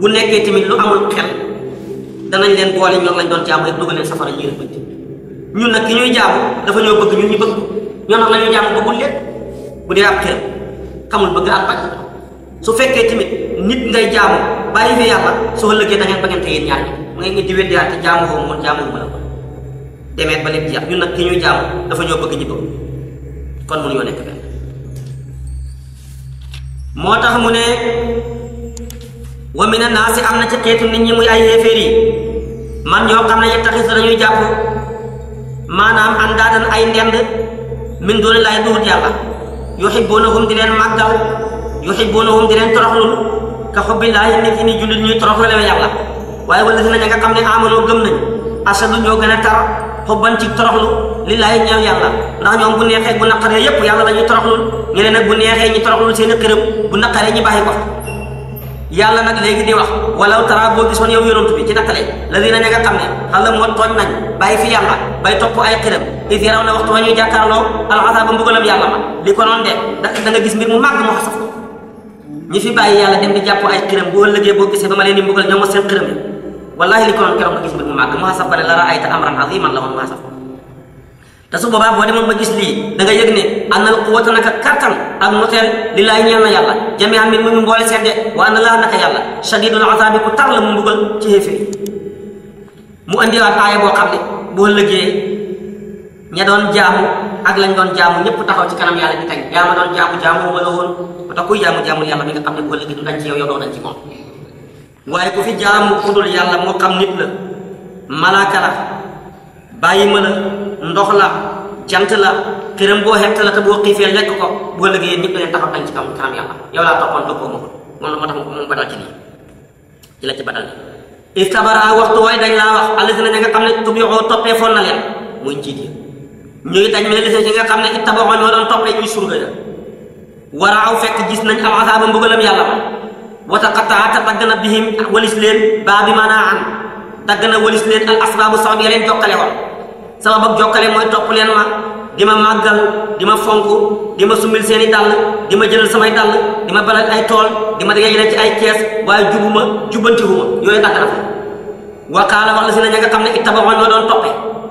bu nekkee tamit lu amul xel danañ leen boole ñoom lañ doon jaamu rek dugal leen safara ñuy rëbbante ñun nag ki ñuy jaamu dafa ñoo bëgg ñun ñu bëgg ñoo nag la ñuy jaamu bëggul lépp bu dee ab xel xamul bëgg ak bañ su fekkee tamit nit ngay jaamu bàyyi fi yàlla su ëllëgee da ba ngeen te ñaar ñi ma ngeen ngeen di weddiyaat te jaamu ko moom jaamu ma la ba lépp jeex ñun dafa ñoo ñu kon moo tax mu ne wa mina naasi am na ci xeetu nit ñi muy ay yéeféer yi man ñoo xam ne yettaxis dañuy jàpp maanaam andaadan ay ndend min doone laay duhut yàlla yuhibbunahum di leen màggal yuhibbunahum di leen toroxlul ka xubbillahi nit ñi julit ñuy toroxlu lewe yàlla waaye wala dina ña nga xam ne amanoo gëm nañ asadu ñoo gën a tar xubban ci toroxlu lillahi ñeel yàlla ndax ñoom bu neexee bu naqaree yépp yàlla la ñuy toroxlul ñu ne nag bu neexee ñi toroxlul seen këram bu naqaree ñi bàyyi ko yàlla nag léegi di wax walaw tara boo gisoon yow yonantu bi ci nattale la dina nga xam xala moo tooñ nañ bàyyi fi yàlla bay topp ay xiram is yaraw waxtu wa ñuy jàkkaarloo alxasaaba mbugalam yàlla ma li ko de da nga gis mbir mu màgg mu xasaf ñi fi baye yalla dem di japp ay xiram bo ëllëgee bo gisé ba leen di mbugal ñoo seen xiram wallahi li ko doon kërëm nga gis mbir mu màgg muhasab ne la raayta amran aziman la ma muhasab ta su baba bo dem ma gis li da nga yëg ne anna al quwwata naka kattan ak motel li lay ñeel na yalla jami am mu mbolé mboole sedde wa an la naka yalla shadidul azabi ku tarlam mbugal ci xéefee mu andi wa boo bo ne bo ëllëgee ña doon jaamu ak lañ doon jaamu ñëpp taxaw ci kanam yàlla ñu teg yaa ma doon jaamu jaamu ne boo léegi du dañ ci moom waaye ku fi jaamu ku dul yàlla moo xam nit la malaaka la jant la xiram boo xett ko boo liggéeyee ñëpp dañuy taxaw dañ la moo tax moom badal ci nii ci la ci badal istabara waxtu waaye dañ laa wax allasina ña nga xam ne tubioo toppee foon leen muy njiit yi ñuy dañ leen defé ci nga xamne ittabaxo lo doon top lañuy surga ya waraaw fekk gis nañ am asaaba mbugalam yalla wa taqata ta taqaddana bihim walis leen baabi mana'an dagana walis leen al asbab sabab ya jokale jokkale woon sabab ak jokkale mooy topp leen ma dima magal dima fonku dima sumil seeni dal dima jëlal samay dal dima balal ay tol dima dajale ci ay kees way jubuma jubbantihuma yooyu dagana fa wa qala wax la si nga xamne ne ittabaxo ñoo doon toppee eh?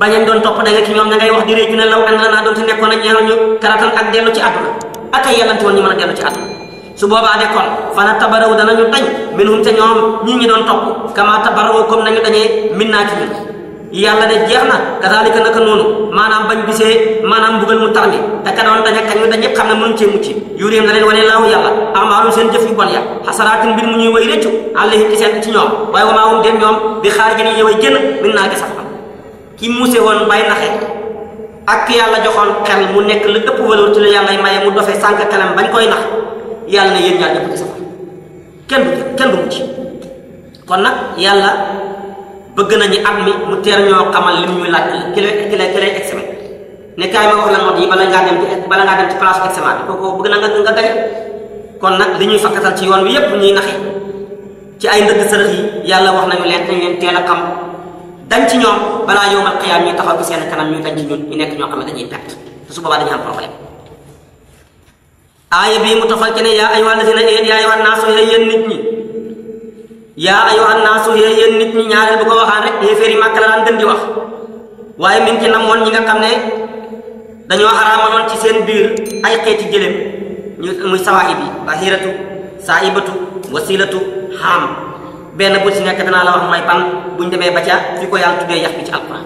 bañañ doon topp da nga ci ñoom ña ngay wax di réccu ne law an lanaa doon te nekkoon a ñeexal ñu karatan ak dellu ci àdduna ak ay yàllanti woon ñu mën a dellu ci àdduna su boobaa nekkoon fana tabaraw danañu dañ minhum te ñoom ñi ñi doon topp kama tabaraw comme nañu dañee min naa ci ñun yàlla ne jeex na kazalika naka noonu maanaam bañ bisee maanaam mbugal mu tar mi te ka doon daña kañu dañ ñëpp xam ne mënuñ cee mucc yuréem na leen wane laahu yàlla amaalum seen jëf yu bon ya xasaraatin mbir mu ñuy way réccu àllayhim ci seen ci ñoom waaye wamaawum dem ñoom bi xaar jëni yow ay génn min naa gi sax ki muuse woon bay naxe ak ki yàlla joxoon xel mu nekk lu ëpp valeur ci lu yàlla maye mu dofee sànq xelam bañ koy nax yàlla na yéen ñaar ñëpp ci safara kenn du kenn du mu ci kon nag yàlla bëgg nañu at mi mu teel ñoo xamal lim ñuy laaj ki lay ki lay ki lay examen ne kaay ma wax la noot yi bala ngaa dem ci bala ngaa dem ci place examen bi kooku bëgg na nga nga kon nag li ñuy fakkatal ci yoon bi yépp ñuy naxe ci ay ndëgg sërëx yi yàlla wax nañu leen nañ xam dañ ci ñoom balaa yowmal xiyaam ñu taxaw ci seen kanam ñu dañ ci ñun ñu nekk ñoo xam ne dañuy perte te su bii mu tofal ci ne yaa ayyuhan lazina yaa ayyuhan naasu yéen nit ñi yaa ayyuhan naasu yéen nit ñi ñaareel bu ko wax waaye mi ngi ci namoon xam ne dañoo araamaloon ci seen biir ay xeeti jëleem ñu muy sawaaib yi bahiratu wasilatu xaam benn bu ci nekk danaa la wax mooy ban bu ñu demee ba ca fi ko yàlla tuddee yax bi ci alquran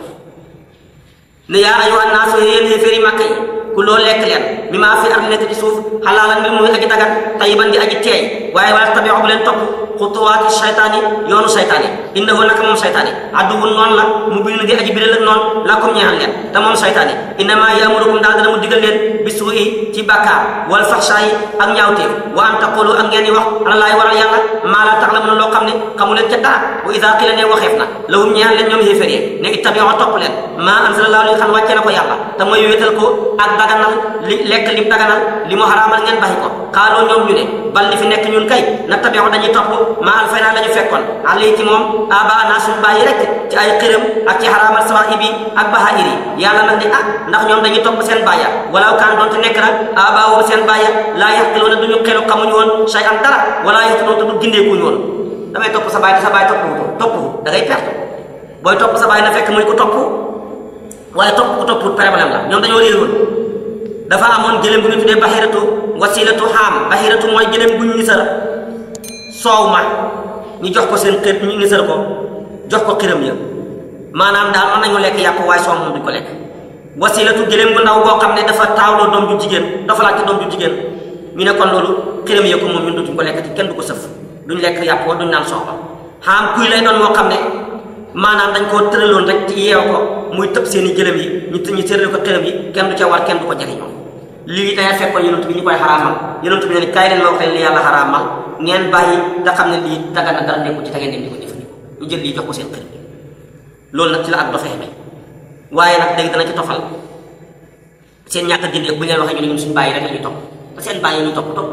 ne yaa ayyuhan naas yéen yéefari Màkka yi ku loo lekk leen mi maa fi ar nekk ci suuf xalaalan mbir muy aji dagan tayiban di aji teey waaye wala tabixo bu leen topp xutuwaati seytaani yoonu seytaani innahu naka moom seytaani adduwun noon la mu birin di aji biral ak noon lakum ñeexal leen te moom seytaani innama yaamurukum daal dana mu digal leen bi suu'i ci bàkkaar wal faxshaayi ak ñaawteef wa an taqulu ak ngeen di wax alallaahi waral yàlla maa laa taxlamuuna loo xam ne xamu leen ca dara wa idaa qila ne waxeef na lahum ñeexal leen ñoom xéefér yi ne ittabioo topp leen daganal lek lekk lim daganal li mu xaraamal ngeen baxi ko xaaloo ñoom bal li fi nekk ñun kay na tabixu dañuy topp ma al fay naa la ñu ci moom aba naa suñ rek ci ay xiram ak ci ibi ak baxa iri yàlla nag ne ah ndax ñoom dañuy topp seen bàyya walaaw kaan doonte nekk nag aba wom seen bàyya laa yaxtiloona duñu xelu xamuñu woon say am dara wala yaxtiloon te du gindeekuñu woon damay topp sa bàyyi te sa bàyyi topp topp da ngay perte booy topp sa bàyyi na fekk muy ko topp waaye ko problème la dafa amoon gëléem bu ñu tuddee baxiratu wasilatu xaam baxiratu mooy gëléem bu ñu nisar soow ma ñu jox ko seen xër ñu nisar ko jox ko xiram ya maanaam daal mën nañu lekk yàpp waaye soow moom duñ ko lekk wasilatu gëléem bu ndaw goo xam ne dafa taawloo doom ju jigéen dafa laajte doom ju jigéen ñu ne kon loolu xiram ya ko moom ñun duñ ko lekk te kenn du ko sëf duñ lekk yàpp wa duñ naan soow ba xaam kuy lay doon moo xam ne manam dañ ko tëraloon rek ci yew ko muy tepp seeni i jëlëm yi ñu ñu tëral ko tërëm yi kenn du ci war kenn du ko jariñoo li daya fekkoon yonent bi ñu koy xaraamal yonent bi ne kay leen ma wax leen li yalla xaraamal ngeen bayyi da xam ne daga na dara neeku ci da ngeen dem di ko ñu jël li jox ko seen xel bi loolu nag ci la ak dofee bi waye nak léegi dana ci tofal seen ñàkk jënd bu leen waxe ñu suñu bayyi rek la ñuy seen bayyi ñu top top